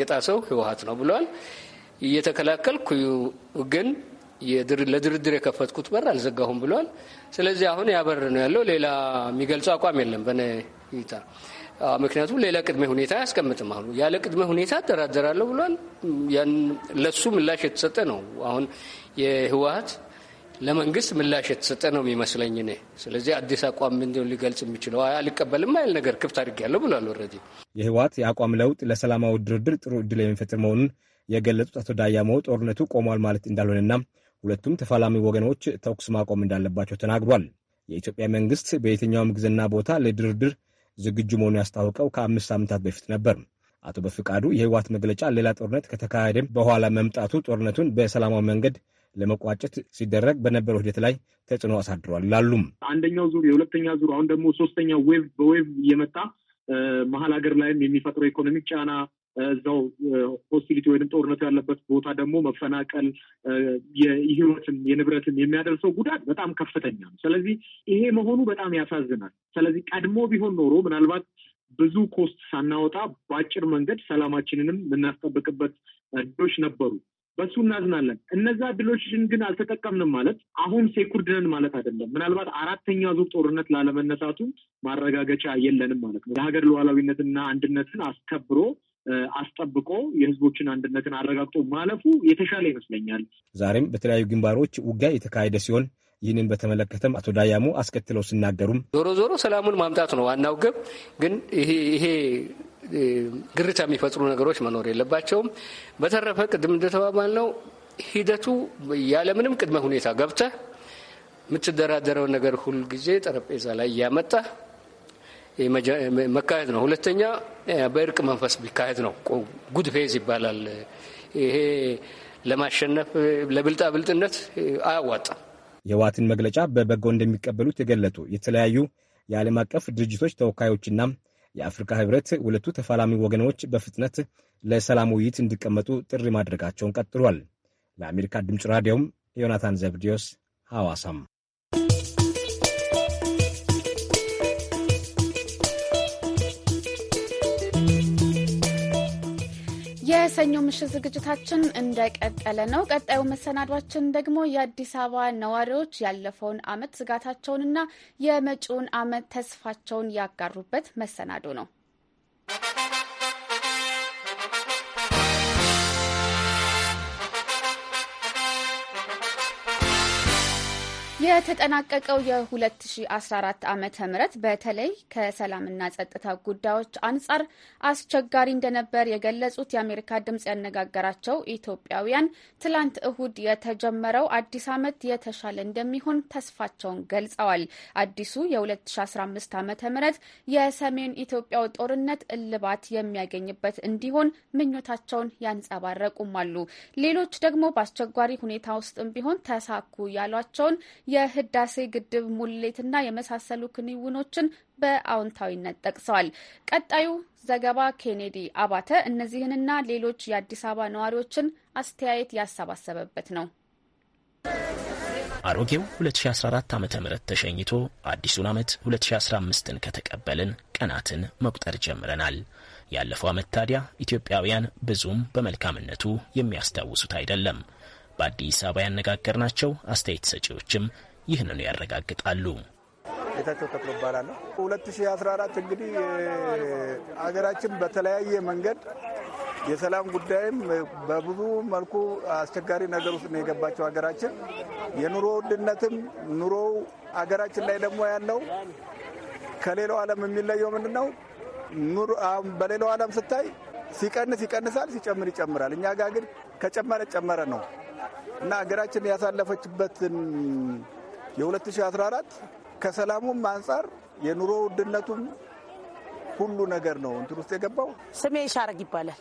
የጣሰው ህወሀት ነው ብለዋል። እየተከላከልኩ ግን ለድርድር የከፈትኩት በር አልዘጋሁም ብለዋል። ስለዚህ አሁን ያበር ነው ያለው። ሌላ የሚገልጸው አቋም የለም በእኔ ምክንያቱም ሌላ ቅድመ ሁኔታ አያስቀምጥም። አሁን ያለ ቅድመ ሁኔታ አደራደራለሁ ብሏል። ያን ለሱ ምላሽ የተሰጠ ነው። አሁን የህወሀት ለመንግስት ምላሽ የተሰጠ ነው የሚመስለኝ እኔ። ስለዚህ አዲስ አቋም ምንድን ሊገልጽ የሚችለው አልቀበልም አይል ነገር ክፍት አድርጌያለሁ ብሏል። ወረዲ የህወሓት የአቋም ለውጥ ለሰላማዊ ድርድር ጥሩ እድል የሚፈጥር መሆኑን የገለጹት አቶ ዳያመው ጦርነቱ ቆሟል ማለት እንዳልሆነና ሁለቱም ተፋላሚ ወገኖች ተኩስ ማቆም እንዳለባቸው ተናግሯል። የኢትዮጵያ መንግስት በየትኛውም ጊዜና ቦታ ለድርድር ዝግጁ መሆኑን ያስታወቀው ከአምስት ዓመታት በፊት ነበር። አቶ በፍቃዱ የህወሓት መግለጫ ሌላ ጦርነት ከተካሄደ በኋላ መምጣቱ ጦርነቱን በሰላማዊ መንገድ ለመቋጨት ሲደረግ በነበረው ሂደት ላይ ተጽዕኖ አሳድሯል ላሉም አንደኛው ዙር የሁለተኛ ዙር አሁን ደግሞ ሶስተኛው ዌቭ በዌቭ እየመጣ መሀል ሀገር ላይም የሚፈጥረው ኢኮኖሚክ ጫና እዛው ሆስቲሊቲ ወይም ጦርነቱ ያለበት ቦታ ደግሞ መፈናቀል የህይወትም የንብረትም የሚያደርሰው ጉዳት በጣም ከፍተኛ ነው። ስለዚህ ይሄ መሆኑ በጣም ያሳዝናል። ስለዚህ ቀድሞ ቢሆን ኖሮ ምናልባት ብዙ ኮስት ሳናወጣ በአጭር መንገድ ሰላማችንንም የምናስጠብቅበት እድሎች ነበሩ። በሱ እናዝናለን። እነዛ ድሎችን ግን አልተጠቀምንም ማለት አሁን ሴኩርድ ነን ማለት አይደለም። ምናልባት አራተኛ ዙር ጦርነት ላለመነሳቱ ማረጋገጫ የለንም ማለት ነው። የሀገር ሉዓላዊነትና አንድነትን አስከብሮ አስጠብቆ የህዝቦችን አንድነትን አረጋግጦ ማለፉ የተሻለ ይመስለኛል። ዛሬም በተለያዩ ግንባሮች ውጊያ የተካሄደ ሲሆን ይህንን በተመለከተም አቶ ዳያሙ አስከትለው ሲናገሩም ዞሮ ዞሮ ሰላሙን ማምጣት ነው ዋናው ግብ። ግን ይሄ ግርታ የሚፈጥሩ ነገሮች መኖር የለባቸውም። በተረፈ ቅድም ነው ሂደቱ ያለምንም ቅድመ ሁኔታ ገብተህ የምትደራደረው ነገር ሁል ጊዜ ጠረጴዛ ላይ እያመጣ መካሄድ ነው። ሁለተኛ በእርቅ መንፈስ ቢካሄድ ነው። ጉድ ፌዝ ይባላል። ይሄ ለማሸነፍ ለብልጣብልጥነት አያዋጣም። የህወሓትን መግለጫ በበጎ እንደሚቀበሉት የገለጡ የተለያዩ የዓለም አቀፍ ድርጅቶች ተወካዮችና የአፍሪካ ህብረት ሁለቱ ተፋላሚ ወገኖች በፍጥነት ለሰላም ውይይት እንዲቀመጡ ጥሪ ማድረጋቸውን ቀጥሏል። ለአሜሪካ ድምፅ ራዲዮም ዮናታን ዘብዲዮስ ሐዋሳም የሰኞ ምሽት ዝግጅታችን እንደቀጠለ ነው። ቀጣዩ መሰናዷችን ደግሞ የአዲስ አበባ ነዋሪዎች ያለፈውን ዓመት ስጋታቸውንና የመጪውን ዓመት ተስፋቸውን ያጋሩበት መሰናዶ ነው። የተጠናቀቀው የ2014 ዓ ም በተለይ ከሰላምና ጸጥታ ጉዳዮች አንጻር አስቸጋሪ እንደነበር የገለጹት የአሜሪካ ድምፅ ያነጋገራቸው ኢትዮጵያውያን ትላንት እሁድ የተጀመረው አዲስ ዓመት የተሻለ እንደሚሆን ተስፋቸውን ገልጸዋል። አዲሱ የ2015 ዓ ም የሰሜን ኢትዮጵያው ጦርነት እልባት የሚያገኝበት እንዲሆን ምኞታቸውን ያንጸባረቁም አሉ። ሌሎች ደግሞ በአስቸጋሪ ሁኔታ ውስጥም ቢሆን ተሳኩ ያሏቸውን የህዳሴ ግድብ ሙሌትና የመሳሰሉ ክንውኖችን በአዎንታዊነት ጠቅሰዋል። ቀጣዩ ዘገባ ኬኔዲ አባተ እነዚህንና ሌሎች የአዲስ አበባ ነዋሪዎችን አስተያየት ያሰባሰበበት ነው። አሮጌው 2014 ዓ ም ተሸኝቶ አዲሱን ዓመት 2015ን ከተቀበልን ቀናትን መቁጠር ጀምረናል። ያለፈው ዓመት ታዲያ ኢትዮጵያውያን ብዙም በመልካምነቱ የሚያስታውሱት አይደለም። በአዲስ አበባ ያነጋገርናቸው አስተያየት ሰጪዎችም ይህንኑ ያረጋግጣሉ። ጌታቸው ተክሎ እባላለሁ። 2014 እንግዲህ አገራችን በተለያየ መንገድ የሰላም ጉዳይም በብዙ መልኩ አስቸጋሪ ነገር ውስጥ ነው የገባቸው። ሀገራችን የኑሮ ውድነትም ኑሮው አገራችን ላይ ደግሞ ያለው ከሌላው ዓለም የሚለየው ምንድን ነው? በሌላው ዓለም ስታይ ሲቀንስ ይቀንሳል፣ ሲጨምር ይጨምራል። እኛ ጋር ግን ከጨመረ ጨመረ ነው። እና ሀገራችን ያሳለፈችበትን የ2014 ከሰላሙም አንጻር የኑሮ ውድነቱም ሁሉ ነገር ነው እንትን ውስጥ የገባው። ስሜ ሻረግ ይባላል።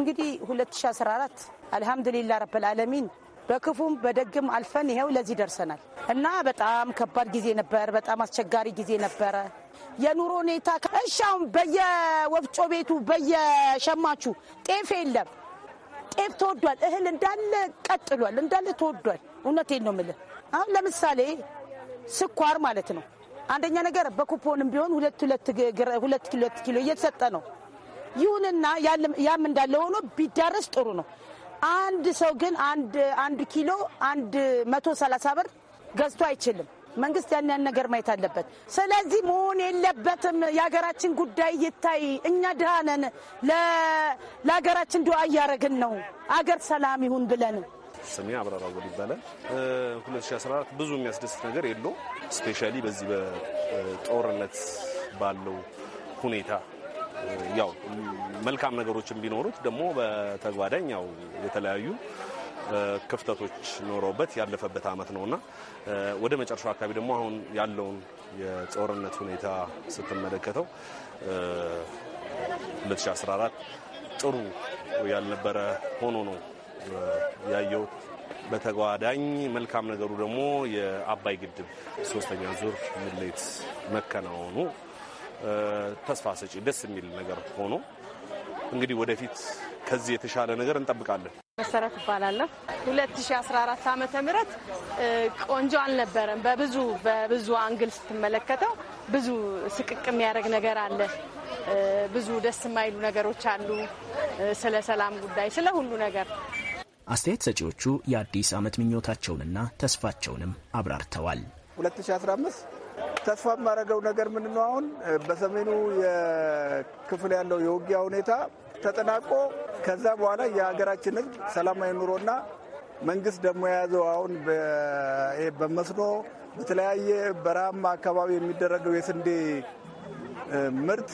እንግዲህ 2014 አልሐምዱሊላ ረብል አለሚን በክፉም በደግም አልፈን ይኸው ለዚህ ደርሰናል እና በጣም ከባድ ጊዜ ነበር። በጣም አስቸጋሪ ጊዜ ነበረ። የኑሮ ሁኔታ እሻውን በየወፍጮ ቤቱ በየሸማቹ ጤፍ የለም ጤፍ ተወዷል። እህል እንዳለ ቀጥሏል፣ እንዳለ ተወዷል። እውነቴን ነው የምልህ። አሁን ለምሳሌ ስኳር ማለት ነው አንደኛ ነገር በኩፖንም ቢሆን ሁለት ሁለት ሁለት ኪሎ እየተሰጠ ነው። ይሁንና ያም እንዳለ ሆኖ ቢዳረስ ጥሩ ነው። አንድ ሰው ግን አንድ ኪሎ አንድ መቶ ሰላሳ ብር ገዝቶ አይችልም። መንግስት ያን ያን ነገር ማየት አለበት። ስለዚህ መሆን የለበትም። የሀገራችን ጉዳይ ይታይ። እኛ ድሃ ነን። ለሀገራችን ድዋ እያደረግን ነው፣ አገር ሰላም ይሁን ብለን። ስሜ አብራራ ጎል ይባላል። 2014 ብዙ የሚያስደስት ነገር የለው ስፔሻሊ በዚህ በጦርነት ባለው ሁኔታ ያው መልካም ነገሮችን ቢኖሩት ደግሞ በተጓዳኝ ያው የተለያዩ ክፍተቶች ኖረውበት ያለፈበት ነው ነውና ወደ መጨረሻው አካባቢ ደግሞ አሁን ያለውን የጦርነት ሁኔታ ስትመለከተው 2014 ጥሩ ያልነበረ ሆኖ ነው ያየሁት። በተጓዳኝ መልካም ነገሩ ደግሞ የአባይ ግድብ ሶስተኛ ዙር ምሌት መከናወኑ ተስፋ ሰጪ ደስ የሚል ነገር ሆኖ እንግዲህ ወደፊት ከዚህ የተሻለ ነገር እንጠብቃለን። መሰረት እባላለሁ። 2014 ዓ ምህረት ቆንጆ አልነበረም። በብዙ በብዙ አንግል ስትመለከተው ብዙ ስቅቅ የሚያደርግ ነገር አለ። ብዙ ደስ የማይሉ ነገሮች አሉ። ስለ ሰላም ጉዳይ፣ ስለ ሁሉ ነገር አስተያየት ሰጪዎቹ የአዲስ ዓመት ምኞታቸውንና ተስፋቸውንም አብራርተዋል። 2015 ተስፋ የማደርገው ነገር ምንድነው? አሁን በሰሜኑ ክፍል ያለው የውጊያ ሁኔታ ተጠናቆ ከዛ በኋላ የሀገራችን ሕዝብ ሰላማዊ ኑሮና መንግስት ደግሞ የያዘው አሁን በመስኖ በተለያየ በረሃማ አካባቢ የሚደረገው የስንዴ ምርት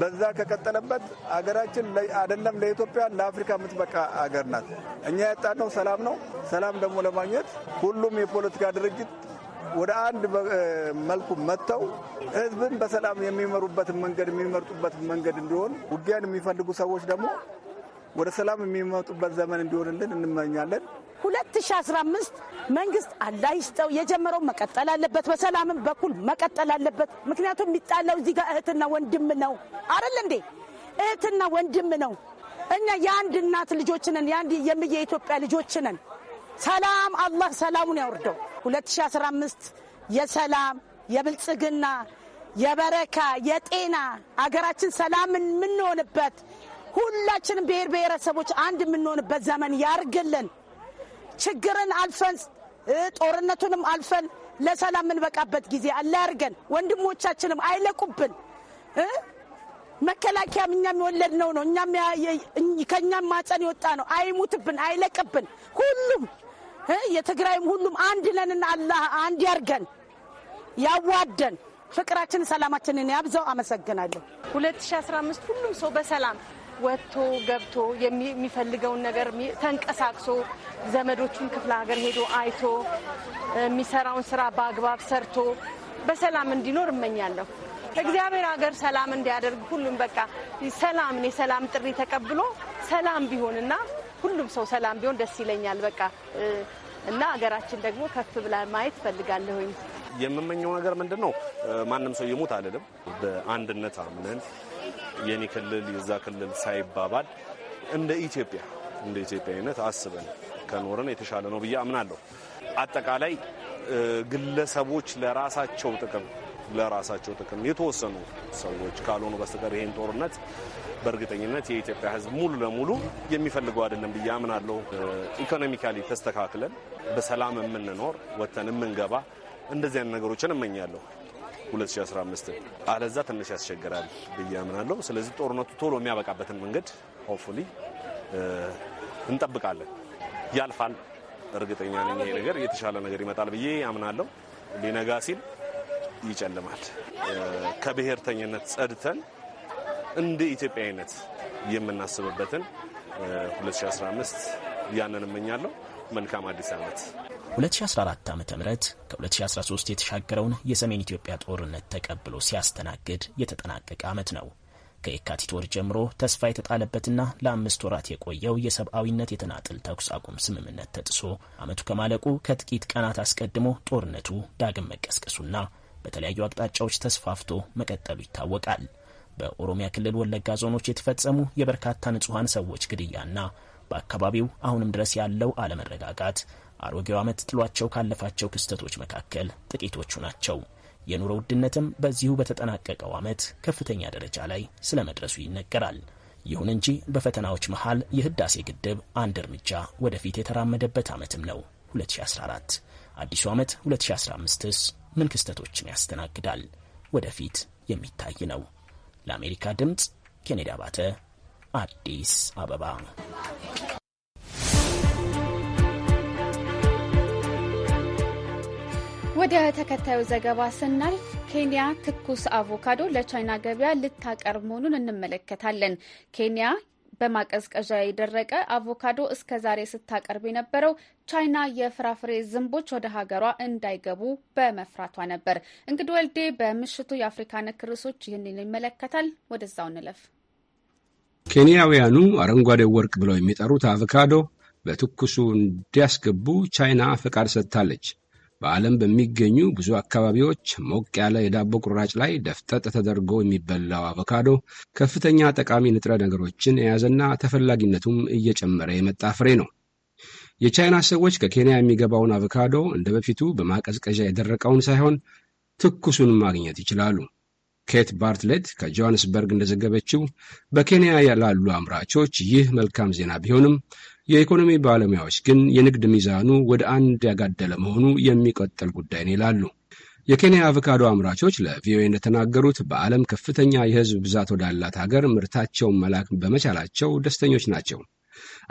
በዛ ከቀጠለበት አገራችን አይደለም ለኢትዮጵያ ለአፍሪካ የምትበቃ አገር ናት። እኛ ያጣነው ሰላም ነው። ሰላም ደግሞ ለማግኘት ሁሉም የፖለቲካ ድርጅት ወደ አንድ መልኩ መጥተው ህዝብን በሰላም የሚመሩበትን መንገድ የሚመርጡበትን መንገድ እንዲሆን ውጊያን የሚፈልጉ ሰዎች ደግሞ ወደ ሰላም የሚመጡበት ዘመን እንዲሆንልን እንመኛለን። 2015 መንግስት አላህ ይስጠው የጀመረው መቀጠል አለበት። በሰላምም በኩል መቀጠል አለበት። ምክንያቱም የሚጣለው እዚህ ጋር እህትና ወንድም ነው አይደል እንዴ? እህትና ወንድም ነው። እኛ የአንድ እናት ልጆች ነን። የአንድ የምየ ኢትዮጵያ ልጆች ነን። ሰላም አላህ ሰላሙን ያወርደው። 2015 የሰላም የብልጽግና የበረካ የጤና አገራችን ሰላም የምንሆንበት ሁላችንም ብሔር ብሔረሰቦች አንድ የምንሆንበት ዘመን ያርግልን። ችግርን አልፈን ጦርነቱንም አልፈን ለሰላም የምንበቃበት ጊዜ አላያርገን። ወንድሞቻችንም አይለቁብን። መከላከያም እኛም የወለድነው ነው፣ ከእኛም ማፀን የወጣ ነው። አይሙትብን፣ አይለቅብን። ሁሉም የትግራይም ሁሉም አንድ ነንና አላህ አንድ ያርገን ያዋደን ፍቅራችን ሰላማችንን ያብዛው። አመሰግናለሁ። 2015 ሁሉም ሰው በሰላም ወጥቶ ገብቶ የሚፈልገውን ነገር ተንቀሳቅሶ ዘመዶቹን ክፍለ ሀገር ሄዶ አይቶ የሚሰራውን ስራ በአግባብ ሰርቶ በሰላም እንዲኖር እመኛለሁ። እግዚአብሔር ሀገር ሰላም እንዲያደርግ ሁሉም በቃ ሰላምን የሰላም ጥሪ ተቀብሎ ሰላም ቢሆንና ሁሉም ሰው ሰላም ቢሆን ደስ ይለኛል። በቃ እና ሀገራችን ደግሞ ከፍ ብላ ማየት ፈልጋለሁኝ። የምመኘው ነገር ምንድን ነው? ማንም ሰው ይሙት አልልም። በአንድነት አምነን የኔ ክልል የዛ ክልል ሳይባባል እንደ ኢትዮጵያ እንደ ኢትዮጵያዊነት አስበን ከኖርን የተሻለ ነው ብዬ አምናለሁ። አጠቃላይ ግለሰቦች ለራሳቸው ጥቅም ለራሳቸው ጥቅም የተወሰኑ ሰዎች ካልሆኑ በስተቀር ይሄን ጦርነት በእርግጠኝነት የኢትዮጵያ ሕዝብ ሙሉ ለሙሉ የሚፈልገው አይደለም ብዬ አምናለሁ። ኢኮኖሚካሊ ተስተካክለን በሰላም የምንኖር ወጥተን የምንገባ እንደዚህ አይነት ነገሮችን እመኛለሁ። 2015 አለዛ ትንሽ ያስቸግራል ብዬ አምናለሁ። ስለዚህ ጦርነቱ ቶሎ የሚያበቃበትን መንገድ ሆፕፉሊ እንጠብቃለን። ያልፋል። እርግጠኛ ነኝ ይሄ ነገር የተሻለ ነገር ይመጣል ብዬ አምናለሁ። ሊነጋ ሲል ይጨልማል። ከብሔርተኝነት ጸድተን እንደ ኢትዮጵያዊነት የምናስብበትን 2015 ያንን እመኛለሁ። መልካም አዲስ ዓመት። 2014 ዓ ም ከ2013 የተሻገረውን የሰሜን ኢትዮጵያ ጦርነት ተቀብሎ ሲያስተናግድ የተጠናቀቀ ዓመት ነው። ከየካቲት ወር ጀምሮ ተስፋ የተጣለበትና ለአምስት ወራት የቆየው የሰብአዊነት የተናጥል ተኩስ አቁም ስምምነት ተጥሶ ዓመቱ ከማለቁ ከጥቂት ቀናት አስቀድሞ ጦርነቱ ዳግም መቀስቀሱና በተለያዩ አቅጣጫዎች ተስፋፍቶ መቀጠሉ ይታወቃል። በኦሮሚያ ክልል ወለጋ ዞኖች የተፈጸሙ የበርካታ ንጹሐን ሰዎች ግድያና በአካባቢው አሁንም ድረስ ያለው አለመረጋጋት አሮጌው ዓመት ጥሏቸው ካለፋቸው ክስተቶች መካከል ጥቂቶቹ ናቸው። የኑሮ ውድነትም በዚሁ በተጠናቀቀው ዓመት ከፍተኛ ደረጃ ላይ ስለመድረሱ ይነገራል። ይሁን እንጂ በፈተናዎች መሃል የህዳሴ ግድብ አንድ እርምጃ ወደፊት የተራመደበት ዓመትም ነው 2014። አዲሱ ዓመት 2015ስ ምን ክስተቶችን ያስተናግዳል? ወደፊት የሚታይ ነው። ለአሜሪካ ድምፅ ኬኔዲ አባተ አዲስ አበባ። ወደ ተከታዩ ዘገባ ስናልፍ ኬንያ ትኩስ አቮካዶ ለቻይና ገበያ ልታቀርብ መሆኑን እንመለከታለን። ኬንያ በማቀዝቀዣ የደረቀ አቮካዶ እስከ ዛሬ ስታቀርብ የነበረው ቻይና የፍራፍሬ ዝንቦች ወደ ሀገሯ እንዳይገቡ በመፍራቷ ነበር። እንግዲህ ወልዴ በምሽቱ የአፍሪካ ነክ ርዕሶች ይህንን ይመለከታል። ወደዛው እንለፍ። ኬንያውያኑ አረንጓዴ ወርቅ ብለው የሚጠሩት አቮካዶ በትኩሱ እንዲያስገቡ ቻይና ፈቃድ ሰጥታለች። በዓለም በሚገኙ ብዙ አካባቢዎች ሞቅ ያለ የዳቦ ቁራጭ ላይ ደፍጠጥ ተደርጎ የሚበላው አቮካዶ ከፍተኛ ጠቃሚ ንጥረ ነገሮችን የያዘና ተፈላጊነቱም እየጨመረ የመጣ ፍሬ ነው። የቻይና ሰዎች ከኬንያ የሚገባውን አቮካዶ እንደ በፊቱ በማቀዝቀዣ የደረቀውን ሳይሆን ትኩሱን ማግኘት ይችላሉ። ኬት ባርትሌት ከጆሃንስበርግ እንደዘገበችው በኬንያ ላሉ አምራቾች ይህ መልካም ዜና ቢሆንም የኢኮኖሚ ባለሙያዎች ግን የንግድ ሚዛኑ ወደ አንድ ያጋደለ መሆኑ የሚቀጥል ጉዳይ ነው ይላሉ። የኬንያ አቮካዶ አምራቾች ለቪኦኤ እንደተናገሩት በዓለም ከፍተኛ የሕዝብ ብዛት ወዳላት ሀገር ምርታቸውን መላክ በመቻላቸው ደስተኞች ናቸው።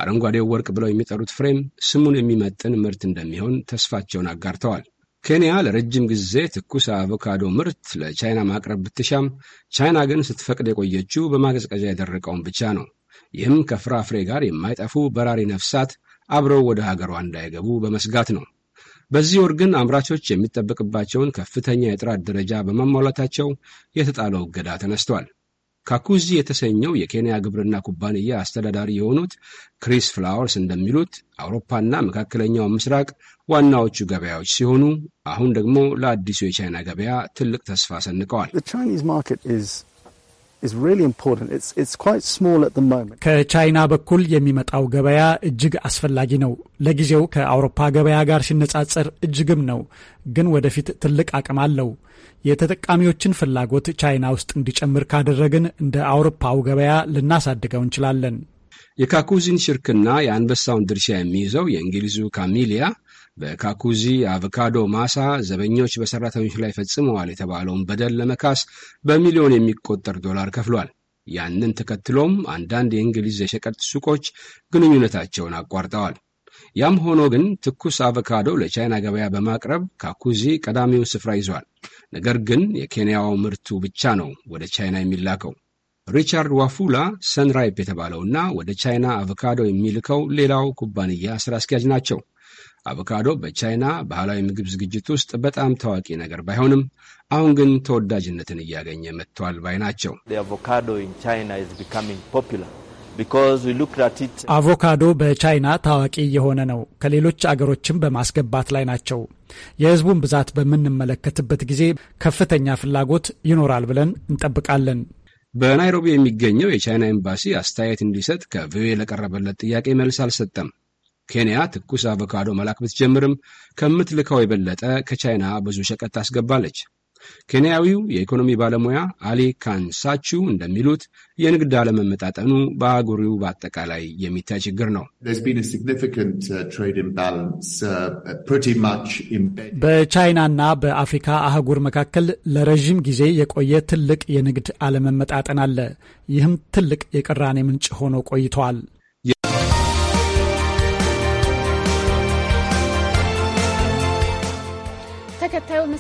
አረንጓዴው ወርቅ ብለው የሚጠሩት ፍሬም ስሙን የሚመጥን ምርት እንደሚሆን ተስፋቸውን አጋርተዋል። ኬንያ ለረጅም ጊዜ ትኩስ አቮካዶ ምርት ለቻይና ማቅረብ ብትሻም ቻይና ግን ስትፈቅድ የቆየችው በማቀዝቀዣ የደረቀውን ብቻ ነው። ይህም ከፍራፍሬ ጋር የማይጠፉ በራሪ ነፍሳት አብረው ወደ ሀገሯ እንዳይገቡ በመስጋት ነው። በዚህ ወር ግን አምራቾች የሚጠበቅባቸውን ከፍተኛ የጥራት ደረጃ በማሟላታቸው የተጣለው እገዳ ተነስቷል። ካኩዚ የተሰኘው የኬንያ ግብርና ኩባንያ አስተዳዳሪ የሆኑት ክሪስ ፍላወርስ እንደሚሉት አውሮፓና መካከለኛው ምስራቅ ዋናዎቹ ገበያዎች ሲሆኑ አሁን ደግሞ ለአዲሱ የቻይና ገበያ ትልቅ ተስፋ ሰንቀዋል። ከቻይና በኩል የሚመጣው ገበያ እጅግ አስፈላጊ ነው። ለጊዜው ከአውሮፓ ገበያ ጋር ሲነጻጸር እጅግም ነው፣ ግን ወደፊት ትልቅ አቅም አለው። የተጠቃሚዎችን ፍላጎት ቻይና ውስጥ እንዲጨምር ካደረግን እንደ አውሮፓው ገበያ ልናሳድገው እንችላለን። የካኩዚን ሽርክና የአንበሳውን ድርሻ የሚይዘው የእንግሊዙ ካሚሊያ በካኩዚ አቮካዶ ማሳ ዘበኞች በሰራተኞች ላይ ፈጽመዋል የተባለውን በደል ለመካስ በሚሊዮን የሚቆጠር ዶላር ከፍሏል። ያንን ተከትሎም አንዳንድ የእንግሊዝ የሸቀጥ ሱቆች ግንኙነታቸውን አቋርጠዋል። ያም ሆኖ ግን ትኩስ አቮካዶ ለቻይና ገበያ በማቅረብ ካኩዚ ቀዳሚውን ስፍራ ይዟል። ነገር ግን የኬንያው ምርቱ ብቻ ነው ወደ ቻይና የሚላከው። ሪቻርድ ዋፉላ ሰንራይፕ የተባለውና ወደ ቻይና አቮካዶ የሚልከው ሌላው ኩባንያ ስራ አስኪያጅ ናቸው። አቮካዶ በቻይና ባህላዊ ምግብ ዝግጅት ውስጥ በጣም ታዋቂ ነገር ባይሆንም አሁን ግን ተወዳጅነትን እያገኘ መጥቷል ባይ ናቸው። አቮካዶ በቻይና ታዋቂ የሆነ ነው። ከሌሎች አገሮችም በማስገባት ላይ ናቸው። የህዝቡን ብዛት በምንመለከትበት ጊዜ ከፍተኛ ፍላጎት ይኖራል ብለን እንጠብቃለን። በናይሮቢ የሚገኘው የቻይና ኤምባሲ አስተያየት እንዲሰጥ ከቪኦኤ ለቀረበለት ጥያቄ መልስ አልሰጠም። ኬንያ ትኩስ አቮካዶ መላክ ብትጀምርም ከምትልከው የበለጠ ከቻይና ብዙ ሸቀጥ ታስገባለች። ኬንያዊው የኢኮኖሚ ባለሙያ አሊ ካንሳቺው እንደሚሉት የንግድ አለመመጣጠኑ በአህጉሪው በአጠቃላይ የሚታይ ችግር ነው። uh, uh, በቻይናና በአፍሪካ አህጉር መካከል ለረዥም ጊዜ የቆየ ትልቅ የንግድ አለመመጣጠን አለ። ይህም ትልቅ የቅራኔ ምንጭ ሆኖ ቆይተዋል።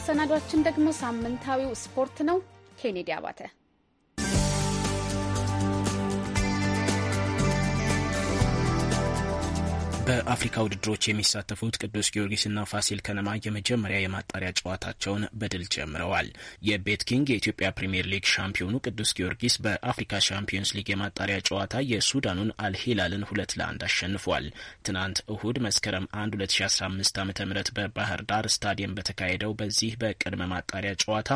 መሰናዷችን ደግሞ ሳምንታዊው ስፖርት ነው። ኬኔዲ አባተ በአፍሪካ ውድድሮች የሚሳተፉት ቅዱስ ጊዮርጊስና ፋሲል ከነማ የመጀመሪያ የማጣሪያ ጨዋታቸውን በድል ጀምረዋል። የቤት ኪንግ የኢትዮጵያ ፕሪምየር ሊግ ሻምፒዮኑ ቅዱስ ጊዮርጊስ በአፍሪካ ሻምፒዮንስ ሊግ የማጣሪያ ጨዋታ የሱዳኑን አልሂላልን ሁለት ለአንድ አሸንፏል። ትናንት እሁድ መስከረም 1 2015 ዓ ም በባህር ዳር ስታዲየም በተካሄደው በዚህ በቅድመ ማጣሪያ ጨዋታ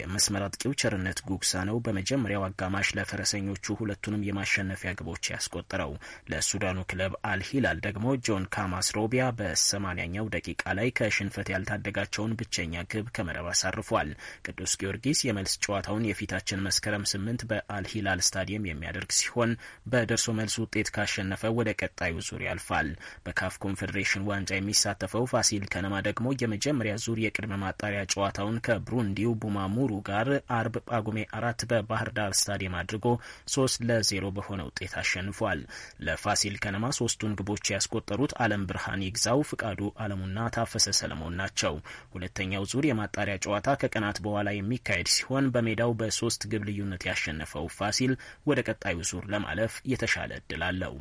የመስመር አጥቂው ቸርነት ጉግሳ ነው በመጀመሪያው አጋማሽ ለፈረሰኞቹ ሁለቱንም የማሸነፊያ ግቦች ያስቆጠረው። ለሱዳኑ ክለብ አልሂላል ደግሞ ጆን ካማስ ሮቢያ በሰማንያኛው ደቂቃ ላይ ከሽንፈት ያልታደጋቸውን ብቸኛ ግብ ከመረብ አሳርፏል። ቅዱስ ጊዮርጊስ የመልስ ጨዋታውን የፊታችን መስከረም ስምንት በአልሂላል ስታዲየም የሚያደርግ ሲሆን በደርሶ መልስ ውጤት ካሸነፈ ወደ ቀጣዩ ዙር ያልፋል። በካፍ ኮንፌዴሬሽን ዋንጫ የሚሳተፈው ፋሲል ከነማ ደግሞ የመጀመሪያ ዙር የቅድመ ማጣሪያ ጨዋታውን ከብሩንዲው ቡማሙሩ ጋር አርብ ጳጉሜ አራት በባህር ዳር ስታዲየም አድርጎ ሶስት ለዜሮ በሆነ ውጤት አሸንፏል። ለፋሲል ከነማ ሶስቱን ግቦች ያስቆ ያስቆጠሩት አለም ብርሃን ይግዛው፣ ፍቃዱ አለሙና ታፈሰ ሰለሞን ናቸው። ሁለተኛው ዙር የማጣሪያ ጨዋታ ከቀናት በኋላ የሚካሄድ ሲሆን በሜዳው በሶስት ግብ ልዩነት ያሸነፈው ፋሲል ወደ ቀጣዩ ዙር ለማለፍ የተሻለ እድል አለው።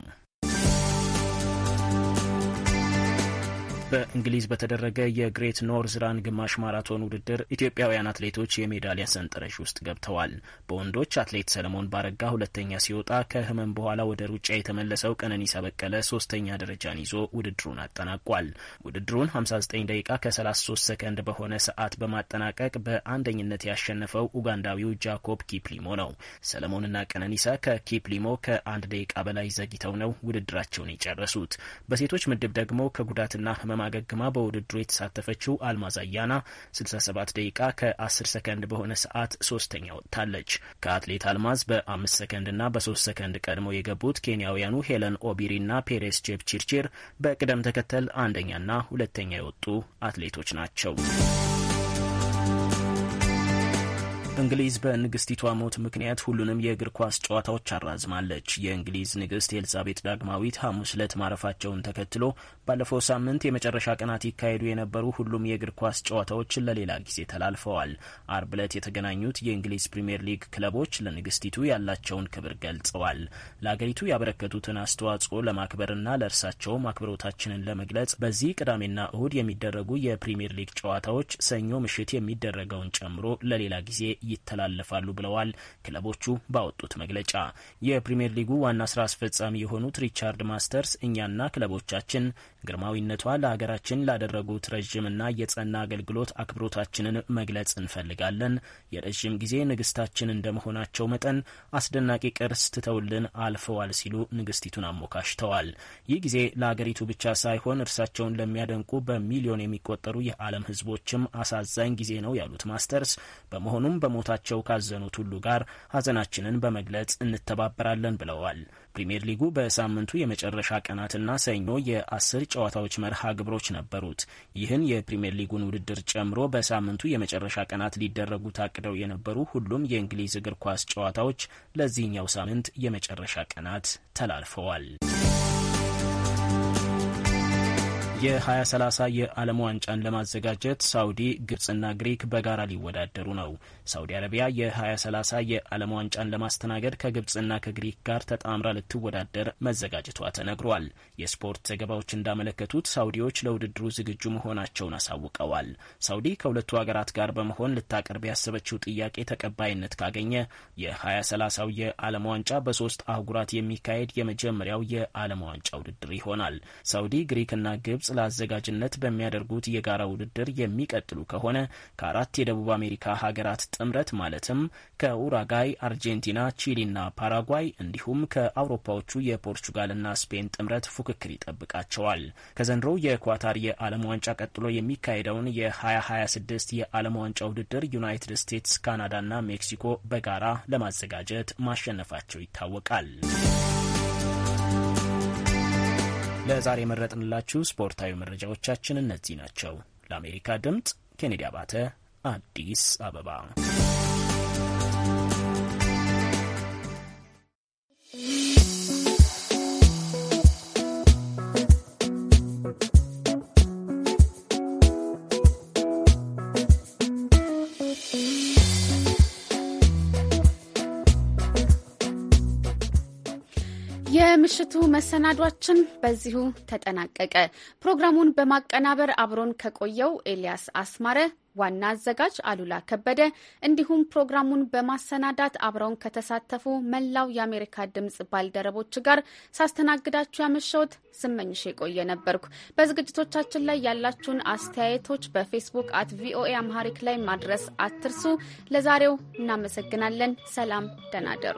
በእንግሊዝ በተደረገ የግሬት ኖርዝ ራን ግማሽ ማራቶን ውድድር ኢትዮጵያውያን አትሌቶች የሜዳሊያ ሰንጠረዥ ውስጥ ገብተዋል። በወንዶች አትሌት ሰለሞን ባረጋ ሁለተኛ ሲወጣ ከህመም በኋላ ወደ ሩጫ የተመለሰው ቀነኒሳ በቀለ ሶስተኛ ደረጃን ይዞ ውድድሩን አጠናቋል። ውድድሩን 59 ደቂቃ ከ33 ሰከንድ በሆነ ሰዓት በማጠናቀቅ በአንደኝነት ያሸነፈው ኡጋንዳዊው ጃኮብ ኪፕሊሞ ነው። ሰለሞንና ቀነኒሳ ከኪፕሊሞ ከአንድ ደቂቃ በላይ ዘግተው ነው ውድድራቸውን የጨረሱት። በሴቶች ምድብ ደግሞ ከጉዳትና ህመም ህመም አገግማ በውድድሩ የተሳተፈችው አልማዝ አያና 67 ደቂቃ ከ10 ሰከንድ በሆነ ሰዓት ሶስተኛ ወጥታለች። ከአትሌት አልማዝ በ5 ና በ3 ሰከንድ ቀድሞ የገቡት ኬንያውያኑ ሄለን ኦቢሪ እና ፔሬስ ቺርቺር በቅደም ተከተል አንደኛና ሁለተኛ የወጡ አትሌቶች ናቸው። እንግሊዝ በንግስቲቷ ሞት ምክንያት ሁሉንም የእግር ኳስ ጨዋታዎች አራዝማለች። የእንግሊዝ ንግስት ኤልዛቤት ዳግማዊት ሐሙስ ዕለት ማረፋቸውን ተከትሎ ባለፈው ሳምንት የመጨረሻ ቀናት ይካሄዱ የነበሩ ሁሉም የእግር ኳስ ጨዋታዎች ለሌላ ጊዜ ተላልፈዋል። አርብ ዕለት የተገናኙት የእንግሊዝ ፕሪምየር ሊግ ክለቦች ለንግስቲቱ ያላቸውን ክብር ገልጸዋል። ለአገሪቱ ያበረከቱትን አስተዋጽኦ ለማክበርና ለእርሳቸውም አክብሮታችንን ለመግለጽ በዚህ ቅዳሜና እሁድ የሚደረጉ የፕሪምየር ሊግ ጨዋታዎች ሰኞ ምሽት የሚደረገውን ጨምሮ ለሌላ ጊዜ ይተላለፋሉ ብለዋል ክለቦቹ ባወጡት መግለጫ። የፕሪምየር ሊጉ ዋና ስራ አስፈጻሚ የሆኑት ሪቻርድ ማስተርስ እኛና ክለቦቻችን ግርማዊነቷ ለሀገራችን ላደረጉት ረዥምና የጸና አገልግሎት አክብሮታችንን መግለጽ እንፈልጋለን። የረዥም ጊዜ ንግስታችን እንደመሆናቸው መጠን አስደናቂ ቅርስ ትተውልን አልፈዋል ሲሉ ንግስቲቱን አሞካሽተዋል። ይህ ጊዜ ለሀገሪቱ ብቻ ሳይሆን እርሳቸውን ለሚያደንቁ በሚሊዮን የሚቆጠሩ የዓለም ህዝቦችም አሳዛኝ ጊዜ ነው ያሉት ማስተርስ፣ በመሆኑም በሞታቸው ካዘኑት ሁሉ ጋር ሀዘናችንን በመግለጽ እንተባበራለን ብለዋል። ፕሪምየር ሊጉ በሳምንቱ የመጨረሻ ቀናትና ሰኞ የአስር ጨዋታዎች መርሃ ግብሮች ነበሩት። ይህን የፕሪምየር ሊጉን ውድድር ጨምሮ በሳምንቱ የመጨረሻ ቀናት ሊደረጉ ታቅደው የነበሩ ሁሉም የእንግሊዝ እግር ኳስ ጨዋታዎች ለዚህኛው ሳምንት የመጨረሻ ቀናት ተላልፈዋል። የ2030 የዓለም ዋንጫን ለማዘጋጀት ሳውዲ፣ ግብፅና ግሪክ በጋራ ሊወዳደሩ ነው። ሳውዲ አረቢያ የ2030 የዓለም ዋንጫን ለማስተናገድ ከግብፅና ከግሪክ ጋር ተጣምራ ልትወዳደር መዘጋጀቷ ተነግሯል። የስፖርት ዘገባዎች እንዳመለከቱት ሳውዲዎች ለውድድሩ ዝግጁ መሆናቸውን አሳውቀዋል። ሳውዲ ከሁለቱ ሀገራት ጋር በመሆን ልታቀርብ ያሰበችው ጥያቄ ተቀባይነት ካገኘ የ2030ው የዓለም ዋንጫ በሶስት አህጉራት የሚካሄድ የመጀመሪያው የዓለም ዋንጫ ውድድር ይሆናል። ሳውዲ፣ ግሪክና ግብፅ ግብጽ ለአዘጋጅነት በሚያደርጉት የጋራ ውድድር የሚቀጥሉ ከሆነ ከአራት የደቡብ አሜሪካ ሀገራት ጥምረት ማለትም ከኡራጋይ፣ አርጀንቲና፣ ቺሊና ፓራጓይ እንዲሁም ከአውሮፓዎቹ የፖርቹጋልና ስፔን ጥምረት ፉክክር ይጠብቃቸዋል። ከዘንድሮ የኳታር የዓለም ዋንጫ ቀጥሎ የሚካሄደውን የ2026 የዓለም ዋንጫ ውድድር ዩናይትድ ስቴትስ፣ ካናዳና ሜክሲኮ በጋራ ለማዘጋጀት ማሸነፋቸው ይታወቃል። ለዛሬ የመረጥንላችሁ ስፖርታዊ መረጃዎቻችን እነዚህ ናቸው። ለአሜሪካ ድምፅ ኬኔዲ አባተ አዲስ አበባ የምሽቱ መሰናዷችን በዚሁ ተጠናቀቀ። ፕሮግራሙን በማቀናበር አብሮን ከቆየው ኤልያስ አስማረ፣ ዋና አዘጋጅ አሉላ ከበደ እንዲሁም ፕሮግራሙን በማሰናዳት አብረውን ከተሳተፉ መላው የአሜሪካ ድምፅ ባልደረቦች ጋር ሳስተናግዳችሁ ያመሸሁት ስመኝሽ የቆየ ነበርኩ። በዝግጅቶቻችን ላይ ያላችሁን አስተያየቶች በፌስቡክ አት ቪኦኤ አምሃሪክ ላይ ማድረስ አትርሱ። ለዛሬው እናመሰግናለን። ሰላም፣ ደህና ደሩ።